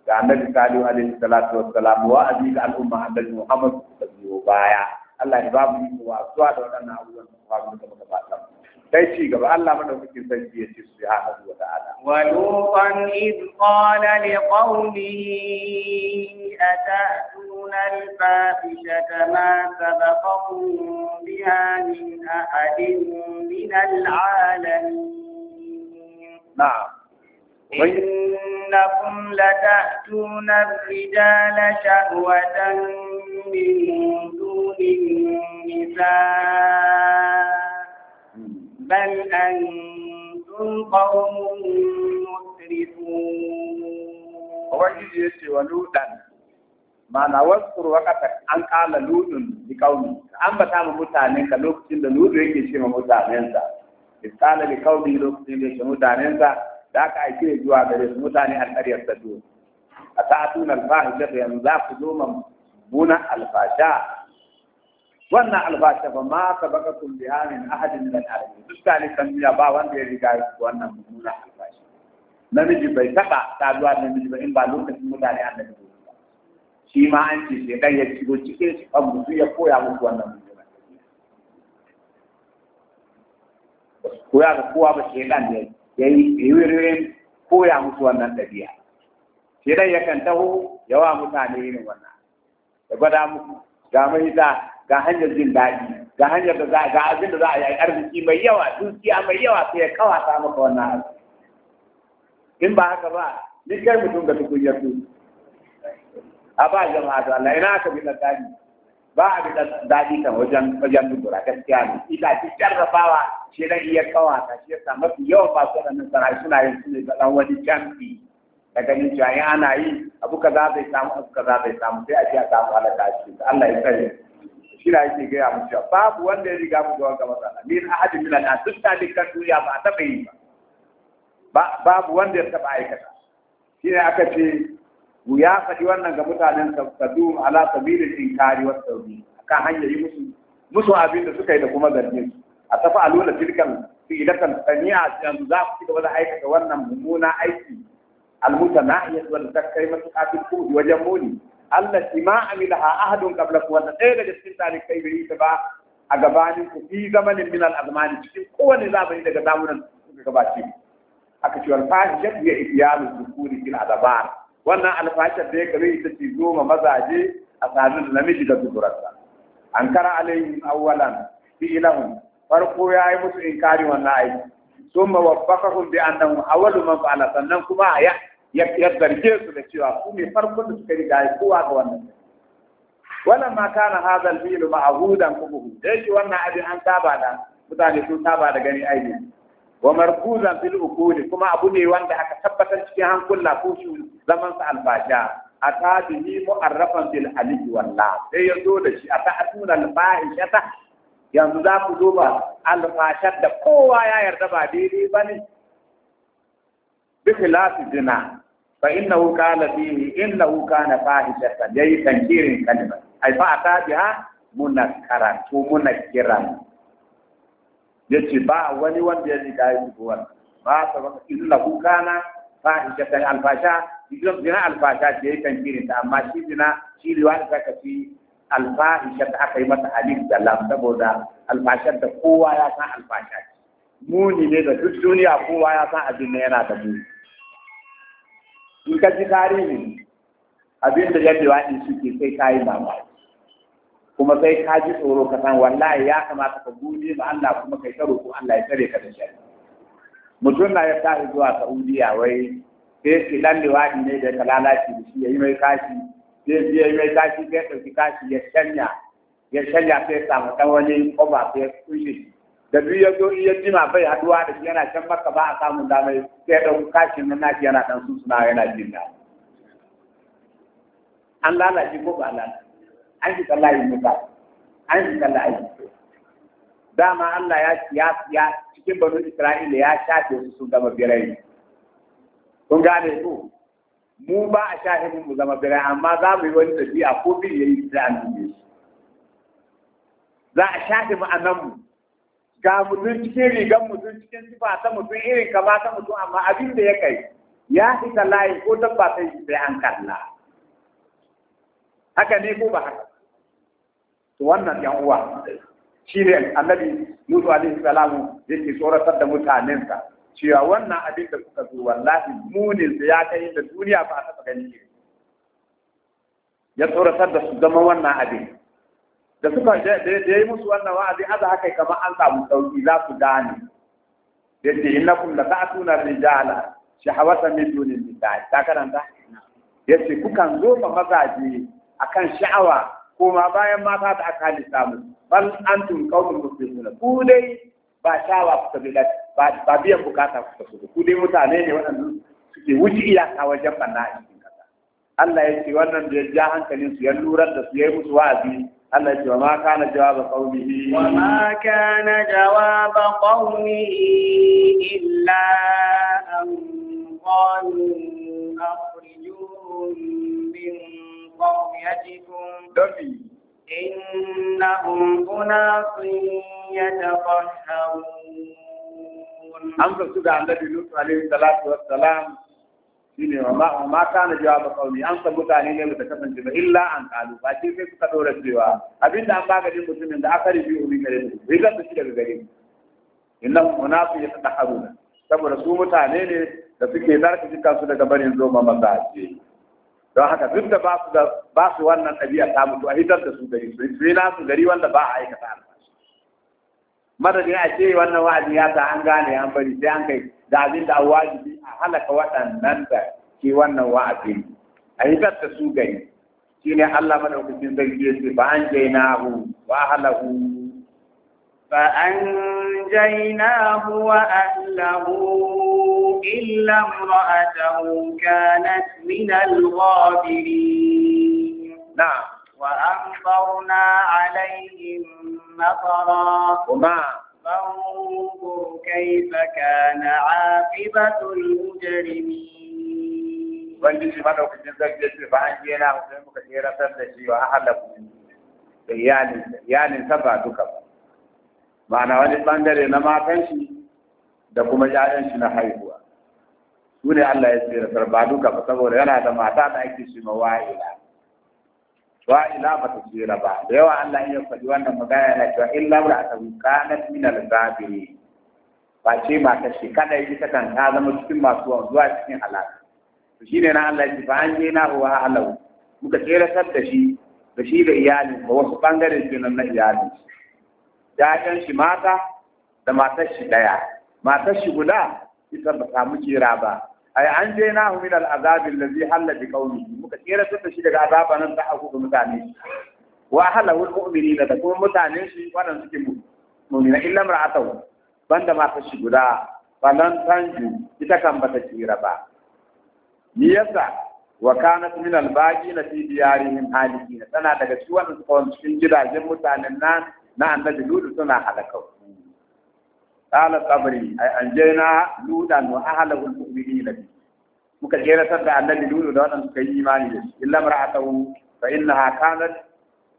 ga annabi salihu alaihi salatu wassalam wa abi ga al'umma annabi muhammad sallallahu baya Allah ya ba mu wasuwa da wannan abubuwan da faru da muka faɗa تيسي قبل الله من أمك تنجيه سبحانه وتعالى ولوطا إذ قال لقومه أتأتون الفاحشة ما سبقكم بها من أحد من العالمين نعم إنكم لتأتون الرجال شهوة من دون النساء بل أنتم قوم مسرفون وجد ولوطا ma'ana waskur wakata an kala ludun bi kauni an bata mu mutanen ka lokacin da ludu yake ce ma mutanensa iskala bi kauni lokacin da yake mutanensa da aiki aike zuwa gare su mutane a ƙaryar ta a ta'atun alfahisha yanzu za ku zo muna alfasha wannan albashi ba ma sabaqakum biha min ahadin min al duka ne san biya ba wanda ya riga ya wannan mummunan albashi namiji bai taba saduwa namiji ba in ba lokacin mutane annabi ba shi ma an ce sai dan ya shigo cikin shi kan mutu ya koya muku wannan mummunan koya ga kowa ba sai dan ya yi wirin koya musu wannan dabi'a sai dan yakan taho yawa mutane irin wannan da gwada muku ga mai da ga hanyar jin daɗi ga hanyar da za ga abin da za a yi arziki mai yawa dukiya mai yawa sai ya ta maka wannan arziki in ba haka ba ni kai mutum ga tukunyar yasu a ba jama'a da Allah ina aka bi na daɗi ba a bi na daɗi kan wajen wajen dubura gaskiya ne ita ce jarrabawa shi dan iya ta shi yasa mafi yawan ba da nan sarai suna yin su ne ga dan wani jamfi daga nan cewa ana yi abu kaza bai samu abu kaza bai samu sai a ce a samu alaƙa shi Allah ya tsare shira yake gaya mutuwa? babu wanda ya riga mu ga wanga matsala min ahadin min na duk kan duniya ba a taɓa yi ba babu wanda ya taɓa aikata shi ne aka ce mu ya faɗi wannan ga mutanen sadu ala sabilin inkari wa sauri akan hanyar yi musu musu abin da suka yi da kuma zargin su a tafi a lura tilkan fi'ilatan a yanzu za ku ci gaba da aikata wannan mummuna aiki almuta nahiyat wanda ta masu kafin duk wajen muni Allah ma amilaha ahadun qablakum wannan ɗaya daga cikin talibai bai yi ta ba a gabanin ku fi zamanin min al cikin kowane zamani daga zamanin suka a aka ce wal fahishatu ya ibyalu dhukuri a adabar wannan alfashar da ya kare ita ce zoma mazaje a sadu da namiji da zuburarsa an kara alaihim awwalan fi ilahum farko yi musu kari wannan aiki ثم وفقهم بأنهم أول من فعل sannan kuma ya. ya zarge su da cewa su ne farkon da suka riga kowa ga wannan wannan ma kana hazal fi'lu ma'hudan kubuhu yake wannan abin an saba da mutane sun saba da gani aini wa markuzan fil uquli kuma abu ne wanda aka tabbatar cikin hankula ko shi zaman sa albasha ata bihi mu'arrafan bil aliy wallah sai ya zo da shi ata atuna al fahishata yanzu za ku duba al da kowa ya yarda ba daidai bane bi khilafi zina fa innahu qala fihi innahu kana fahishatan yayi tankirin kalma ai fa ata biha munakkaran ko munakkiran yace ba wani wanda ya riga ya shigo wannan ba ta ba illahu kana fahishatan alfasha idan dina alfasha ce yayi tankirin amma shi dina shi riwaya ta kafi alfahisha da aka yi mata alif da lam saboda alfashar da kowa ya san muni ne da duk duniya kowa ya san abin yana da muni in ka ji tarihi abin da yadda waɗin suke sai ka yi mamaki kuma sai ka ji tsoro ka san wallahi ya kamata ka gudi ma Allah kuma kai ta roƙo Allah ya tsare ka da shari mutum na ya tashi zuwa Saudiya wai sai ki lalle waɗi ne da ka lalace da shi ya yi mai kashi sai ya yi mai kashi sai ya kashi ya shanya ya canya sai ya samu ɗan wani kwaba sai ya kushe da duk ya zo ya jima bai haduwa da shi yana can maka ba a samun damar sai ɗan kashin na nashi yana ɗan susuna yana jin da an lalace ko ba lalace an shi kalla yi muka an shi kalla yi dama Allah ya ya ya cikin banu Isra'ila ya shafe su sun zama birai kun gane ko mu ba a shafe mu zama birai amma za mu yi wani tafiya ko bin yayi da an dube za a shafe mu a nan mu ga mutum cikin rigar mutum cikin sifa ta mutum irin kama ta mutum amma abin da ya kai ya fita layi ko tabbatar ta yi sai an kalla haka ne ko ba haka to wannan yan uwa shi ne annabi Musa alaihi salamu yake tsoratar da mutanensa cewa wannan abin da kuka zo wallahi munin sa ya kai da duniya ba ta gani ya tsoratar da su zama wannan abin da suka da yi musu wannan wa'azi aza haka kamar an samu sauki za su gane yace innakum la ta'tuna rijala shahawata min dunin nisa'i ta karanta yace kukan zo ma mazaje akan sha'awa ko ma bayan mata da aka halitta mu bal antum qaumun musu ku dai ba sha'awa ku tabi ba biyan bukata ku tabi ku mutane ne waɗanda suke wuce iyaka wajen banna kasa Allah ya ce wannan da ya ja hankalin su ya lura da su ya yi musu wa'azi Allah ce wa ma kana jawaba qaumihi wa ma kana jawaba qaumihi illa an qalu akhrijuhum min qaryatikum dabi innahum unasun yatafahharun an ga su da annabi Lut alaihi salatu wassalam ne, wa ma kana jawab kauni, an san mutane ne da kasance ba illa an kalu ba ce sai suka dora cewa da an baka din mutumin da aka rubi ubi gare su bai ga su daga gare munafi ya munafiqun haruna saboda su mutane ne da suke zarka jikan su daga barin zoma maza ce don haka duk da ba su wannan ɗabi'a ta mutu a hitar da su gari su yi nasu gari wanda ba a aikata madadin a ce wannan wa'azi ya sa an gane an bari sai an kai da abin da wajibi a halaka waɗannan da ke wannan wa'azi a yi da su gari ne Allah madaukakin sarki yace ba an hu wa halahu fa an hu wa ahlahu illa mura'atahu kanat min al-ghabirin na'am وأمطرنا عليهم مطرا فانظر كيف كان عاقبة المجرمين Ubangiji madaukakin sarki ce ba an jera mu sai muka jeratar da shi wa halaku da iyalinsa iyalinsa ba duka ba ma'ana wani bangare na matan shi da kuma ƴaƴan shi na haihuwa su ne Allah ya tsira ba duka ba saboda yana da mata da ake shi mawa'ila wa ila ba ta jira ba da yawa Allah ya faɗi wannan magana yana cewa illa ba ta na min al zabiri ba ce ta shi kada yi ta kan ta zama cikin masu zuwa cikin halaka to shine na Allah ya ba an je na huwa Allah muka tseratar da shi da shi da iyali, ba wasu bangaren kenan na Ya ya'yan shi mata da matar shi daya matar shi guda ita ba ta mu ba ai an je na hu min al'azab allazi halla bi qawli muka tsira da shi daga azaba nan da haku mutane wa hala wal mu'minina da kuma mutane shi wannan suke mu mu'mina illa mar'atahu banda ma ta shi guda falan tanju ita kan bata tsira ba ni yasa wa kanat min al baqina fi diyarihim halikin tana daga cikin wannan cikin gidajen mutanen nan na annabi lutu suna halakau قال الطبري أي أنجينا لوطا وأهله المؤمنين به muka jeratar da annabi lulu da wannan suka yi imani da shi illa mar'atahu fa innaha kanat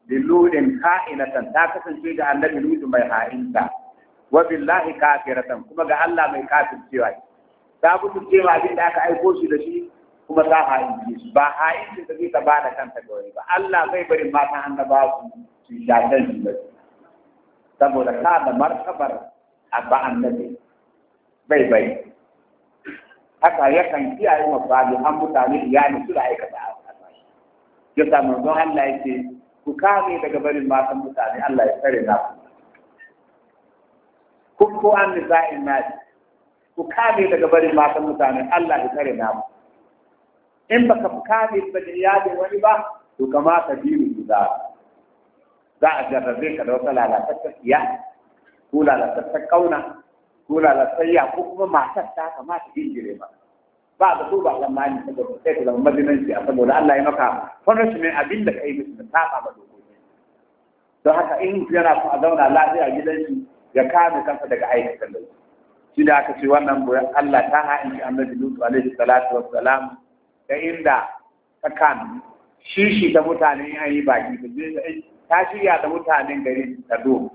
liludin ka'inatan ta kasance ga annabi lulu mai ha'inta wa billahi kafiratan kuma ga Allah mai kafircewa ta gudu cewa abin da aka aiko shi da shi kuma ta ha'ince shi ba ha'ince da ta ba da kanta ga wani ba Allah bai bari mata annabawa su shatan shi ba saboda ka da martabar a ba bai bai haka yakan kiyaye wa babu an mutane iyali su aikata a kasashe ya sa manzon Allah yake ku kame daga barin matan mutane Allah ya tsare na ku ku an nisa'in nasi ku kame daga barin matan mutane Allah ya tsare na in baka kame daga iyalin wani ba to kamata biyu za za a jarrabe ka da wata lalataccen iyali ko ta kauna ko ya ko kuma matar ta kamata injire ba ba da ba tsammani saboda sai ka zama mazinanci a saboda Allah ya maka punishment abin da ka yi musu da saba ba dokoki don haka in yana so a zauna lafiya gidan shi ya kame kansa daga aikatan da shi da aka ce wannan boyan Allah ta ha'in shi annabi Lutu alaihi salatu wassalam da inda ta kan da mutane an yi baki ta shirya da mutanen gari ta do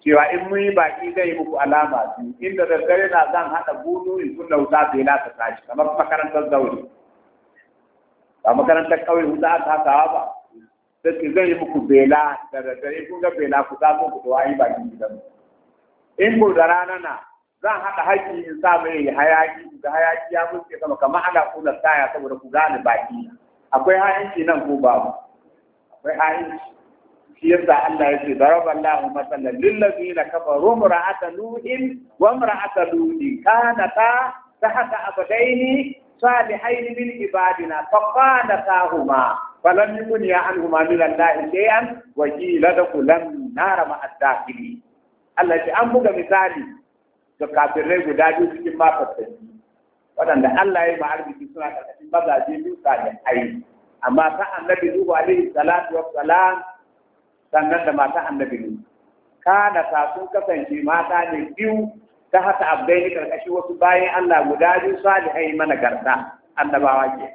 cewa in mun yi baki zai muku alama su inda daddare na zan haɗa gudu in kunna wuta bai lasa tashi kamar makarantar zaure ba makarantar ƙauye wuta a tasawa ba sai zai yi muku bela da daddare kun ga bela ku za ku kuwa yi baki gidan in ku da rana na zan haɗa haƙƙi in sa mai hayaki da hayaki ya muske sama kamar ana kula taya saboda ku gane baki akwai hayanci nan ko babu akwai hayanci shi yasa Allah ya ce daraba Allahu masalan lil ladina kafaru imra'ata lutin wa imra'ata lutin ta tahta abadaini salihain min ibadina faqanatahuma falam an huma min Allah shay'an wa qila dakulan nara ma ad Allah ya an buga misali ga kafirai guda biyu cikin mafassani waɗanda Allah ya yi ma'arziki suna ƙarƙashin mazaje biyu da aiki amma ta annabi Nuhu alaihi salatu wa salam sannan da mata annabi ne kana ta sun kasance mata ne biyu ta haka abdai karkashi wasu bayan Allah guda biyu salihai mana garda annabawa ke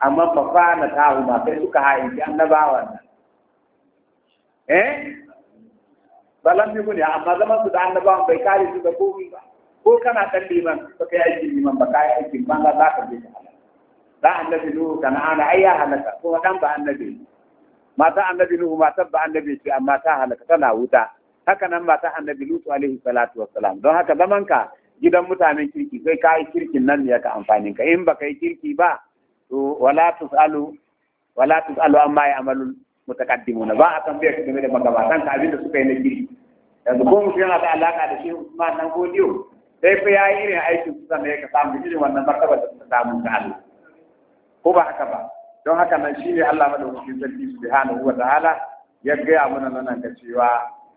amma fa fana ta huma sai suka haifi annabawan nan eh balan bi ne amma zaman su da annabawa bai kare su da komai ba ko kana dan liman ba kai aiki liman ba kai aiki ba za ka je ka halaka da annabi nuhu kana ana ayya halaka ko dan ba annabi mata annabi nuhu mata ba annabi ce amma ta halaka tana wuta haka nan mata annabi lutu alaihi salatu wassalam don haka zaman ka gidan mutanen kirki sai ka yi kirkin nan ne ya ka amfani ka in baka yi kirki ba to wala tusalu wala tusalu amma ya amalul mutaqaddimuna ba a tambayar su game da magabatan ka abinda suka yi na kirki yanzu ko mutum yana da alaka da shi Usman nan godiyo sai fa yayi irin aikin su sanaye ya ka samu irin wannan martaba da suka samu ta Allah ko ba haka ba don haka nan shi ne Allah madaukakin sarki subhanahu wa ta'ala ya gaya mana nan ga cewa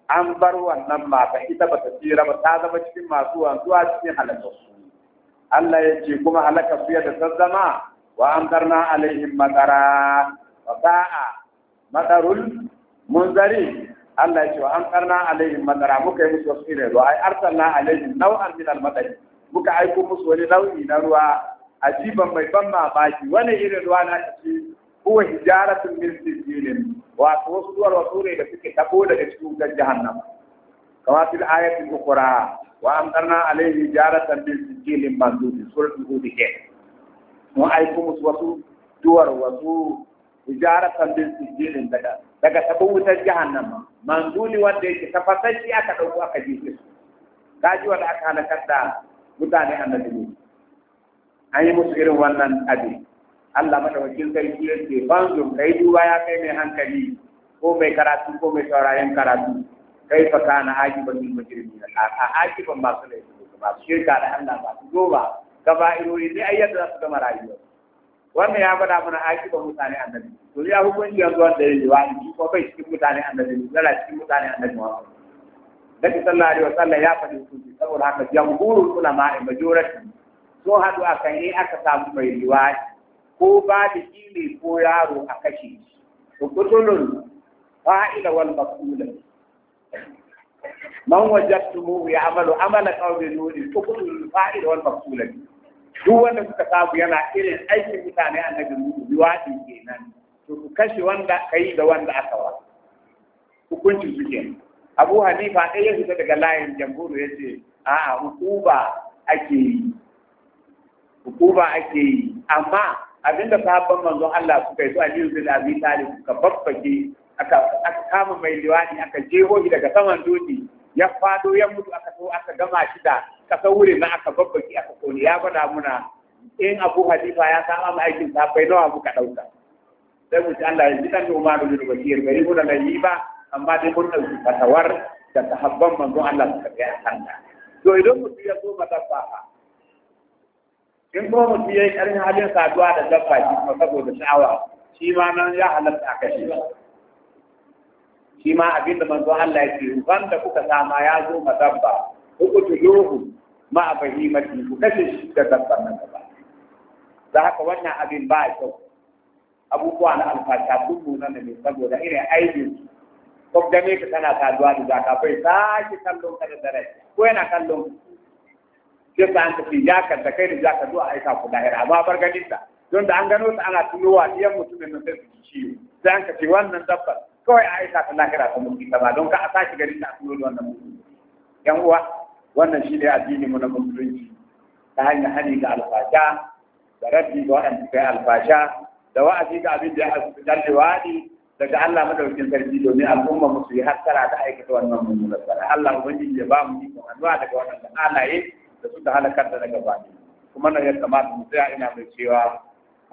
an bar wannan mata ita ba ta tsira ba ta zama cikin masu wanzuwa cikin halakar su Allah ya ce kuma halakar su yadda ta zama wa an karna alaihim matsara wa ba'a matsarul munzari Allah ya ce wa an karna alaihim matsara muka yi musu wasu irin ruwa ai arsalna alaihim nau'an min al muka aiko musu wani nau'i na ruwa ajiban mai ban mamaki wani irin ruwa na ciki huwa hijaratun min sijilin wato wasu duwar wasu ne da suke tabo daga cikin wutar jahannama kama fil ayatin ukhra wa amtarna alayhi hijaratan min sijilin mandud suratul hud ke mun aiko musu wasu duwar wasu hijaratan min sijilin daga daga tabo wutar jahannama manduli wanda yake tafasashi aka dauko aka jefe su kaji wanda aka halakar da mutane annabi an yi musu irin wannan abin Allah madawakin sarki ya ce zo kai duba ya kai mai hankali ko mai karatu ko mai saurayen karatu kai fa kana ajibatul mujrimin a ajiban masu laifin ba su shirka da Allah ba su goba kaba'irori ne ayyata za su gama rayuwa wannan ya faɗa mana aji ban mutane annabi to ya hukunci yanzu wanda ya yi ji ko bai cikin mutane annabi zara cikin mutane annabi wa Nabi sallallahu alaihi wasallam ya faɗi su saboda haka jamhurul ulama majority Ko haɗu a kan in aka samu mai liwaɗi ko ba da shi ne ko yaro a kashe shi to kutulun fa'ila wal maqulun man wajadtumu ya'malu amala qawmi nuri to kutulun fa'ila wal maqulun duk wanda suka samu yana irin aikin mutane annabi nuri liwaɗi kenan to ku kashe wanda kai da wanda aka wa hukuncin suke, kenan abu hanifa ɗaya ya fita daga layin jamhuru ya ce a'a hukuba ake yi hukuma ake yi amma abinda sahabban manzon Allah suka yi su Aliyu da Abi Talib suka babbake aka kama mai liwani aka jeho shi daga saman dutse ya fado ya mutu aka so aka gama shi da kasa wuri na aka babbake aka kone ya bada muna in Abu Hadifa ya saba mu aikin bai nawa muka dauka sai mu ci Allah ya ji kan da bin Bakir bari mu da yi ba amma dai mun da fatawar da sahabban manzon Allah suka yi a kanta to idan mutum ya zo madabba in kuma mutum ya yi ƙarfin halin saduwa da dabba shi kuma saboda sha'awa shi ma nan ya halatta a kashe shi ma abin da manzo Allah ya ce ban da kuka sama ya zo ma dabba ku ku ma abahimati ku kashe shi da dabban nan gaba da haka wannan abin ba a kyau abubuwa na alfata sun nuna ne saboda irin aiki. ko me ka tana saduwa da zaka sai ki kallon ka da dare ko yana kallon sai sa an tafi jakar da kai da jakar a aika ku lahira amma bar ganin ta don da an gano ta ana tunowa iyan mutumin nan sai su ci ciwo sai an kace wannan dabbar kawai a aika ta lahira ta mutu ta ba don ka a saki ganin da a tuno da wannan mutum yan uwa wannan shi ne addini mu na musulunci ta hanyar hani ga alfasha da rabbi ga waɗanda kai alfasha da wa'azi ga abin da ya hasu dalewadi daga Allah madaukin sarki domin al'umma musu yi hattara da aikata wannan mummunan sara Allah ubangiji ya ba mu ikon hannuwa daga wannan halaye da suka halakar da daga bani kuma na ya kamata mu tsaya ina mai cewa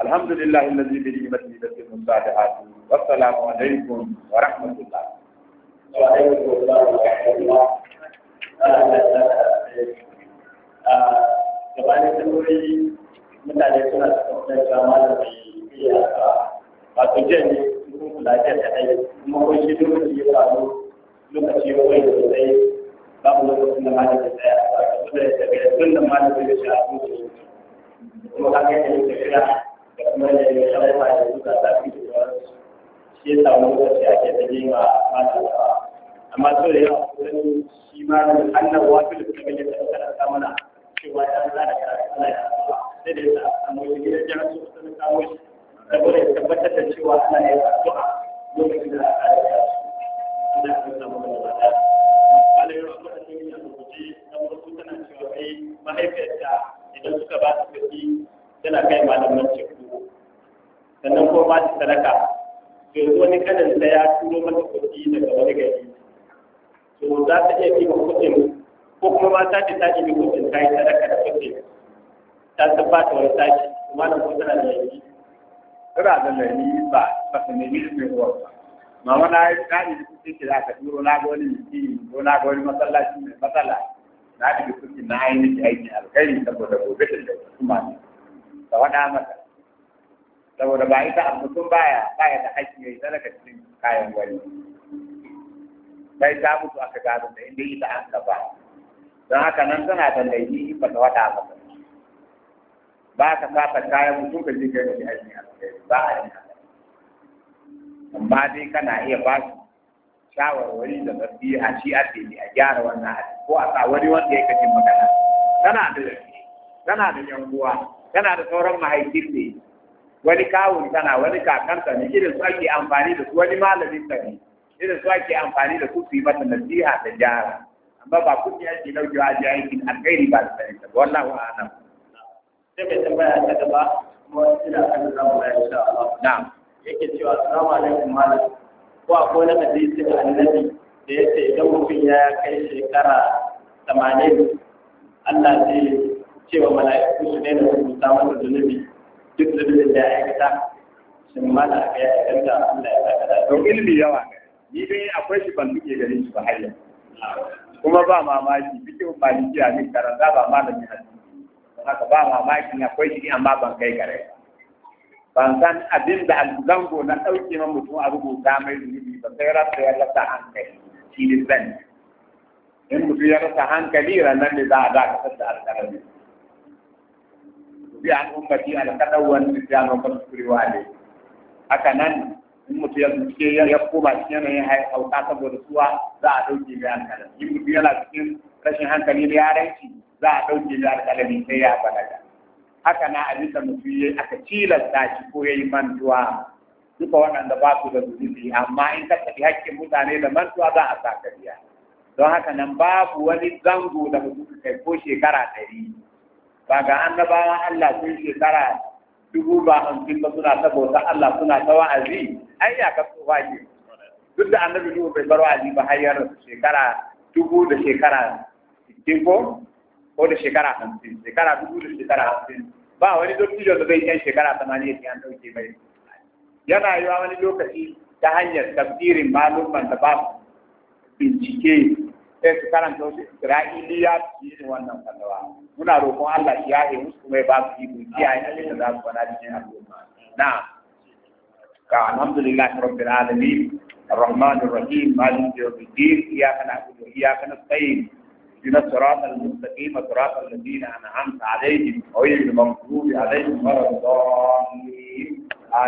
alhamdulillah allazi bi ni'matihi da musalihat wassalamu alaikum wa rahmatullah wa alaikum assalam wa rahmatullah ah, mutane suna da kama da bai iya wato jiya ne kuma kula da ta kuma kun shi lokaci ya faru lokaci ya wai da sosai babu lokacin da tsaya ba saboda daga tun da malami ya sha abu da kuma ka ga yadda ya da kuma da ya da zafi da shi ya samu lokaci ake da amma so da yawa shi wafi da suka gani da mana cewa ya za da karatu ana ya sai da ya shi gidan su sun samu shi saboda ya tabbatar da cewa ana ya lokacin da aka da ya hurairu a kudin yin rubuce don wasu tana cewa ai mahaifiyarta idan suka ba ta tana kai malaman teku sannan kuma ba ta sadaka wani kanin kuɗi daga wani gari iya kuɗin ko kuma ma ta yi sadaka da ta wani sashi kuma nan tana da yanki. Tana da yanki ba ba ta nemi ba. ma mama na yi tsari da kuke kira ka turo na ga wani miki ko na ga wani masallaci mai matsala na da kuke na yi miki aikin alkhairi saboda gobe da da kuma ne ka wada maka saboda ba ta a mutum baya baya da haƙƙi ya yi talaka cikin kayan wani bai ta mutu aka gano da inda ita an ka ba don haka nan tana da laifi ba ta wada maka ba ka kafa kayan mutum ka ji kai da aikin alkhairi ba a yi amma dai kana iya ba su shawarwari da a shi a tele a gyara wannan hali ko a sa wani wanda ya kace magana tana da lafiya tana da yan uwa tana da sauran mahaifin ne wani kawun tana wani kakanta ne irin su ake amfani da su wani malamin ta ne irin su ake amfani da su su yi mata nasiha da gyara amma ba ne ake ɗaukewa a yankin aikin alkhairi ba da sanin ta wa a'lam. Sai mai tambaya ta gaba kuma ina kan zamu na da Allah. Na'am. yake cewa salamu alaikum malam ko akwai na hadisi da annabi da ya ce idan mutum ya kai shekara tamanin Allah zai cewa mala'iku su daina rubuta masa zunubi duk zunubin da ya aikata shin malam aka ya aikata Allah ya da don ilimi yawa ni dai akwai shi ban duke garin shi ba hayya kuma ba mamaki bikin maliki a min karanta ba malamin hadisi haka ba mamaki akwai shi amma ban kai kare ba ban san abin da zango na ɗauke ma mutum a rubuta mai zunubi ba sai rasa ya rasa hankali shi ne zan in mutum ya rasa hankali ranar ne za a dakatar da alƙalami bi an ummati alƙalau wani da kan turewa ne haka nan in mutum ya zuke ya koma cikin yanayin hauka saboda suwa za a ɗauke mai alƙalami in mutum yana cikin rashin hankali da yaranci za a ɗauke mai alƙalami sai ya balaga haka na abin mutum ya aka tilasta shi ko ya yi mantuwa duka waɗanda ba su da zunubi amma in ka tafi hakkin mutane da mantuwa za a sa don haka nan babu wani zango da mutum kai ko shekara ɗari ba ga annabawan Allah sun shekara dubu ba hamsin ba suna saboda Allah suna ta wa'azi ai ya ka tsufa ke duk da annabi Nuhu bai bar wa'azi ba har shekara dubu da shekara sittin ko ko da shekara hamsin shekara dubu da shekara hamsin ba wani dattijo da zai yan shekara tamanin ya an ɗauke mai yana yiwa wani lokaci ta hanyar tafsirin malumman da ba bincike sai su karanta wasu isra'iliya su yi wannan fatawa muna roƙon Allah ya yi musu kuma ya ba su yi bincike a yi da za su kwana cikin al'umma na الحمد لله رب العالمين الرحمن الرحيم مالك يوم الدين اياك نعبد واياك نستعين اهدنا الصراط المستقيم صراط الذين انعمت عليهم غير المغضوب عليهم ولا الضالين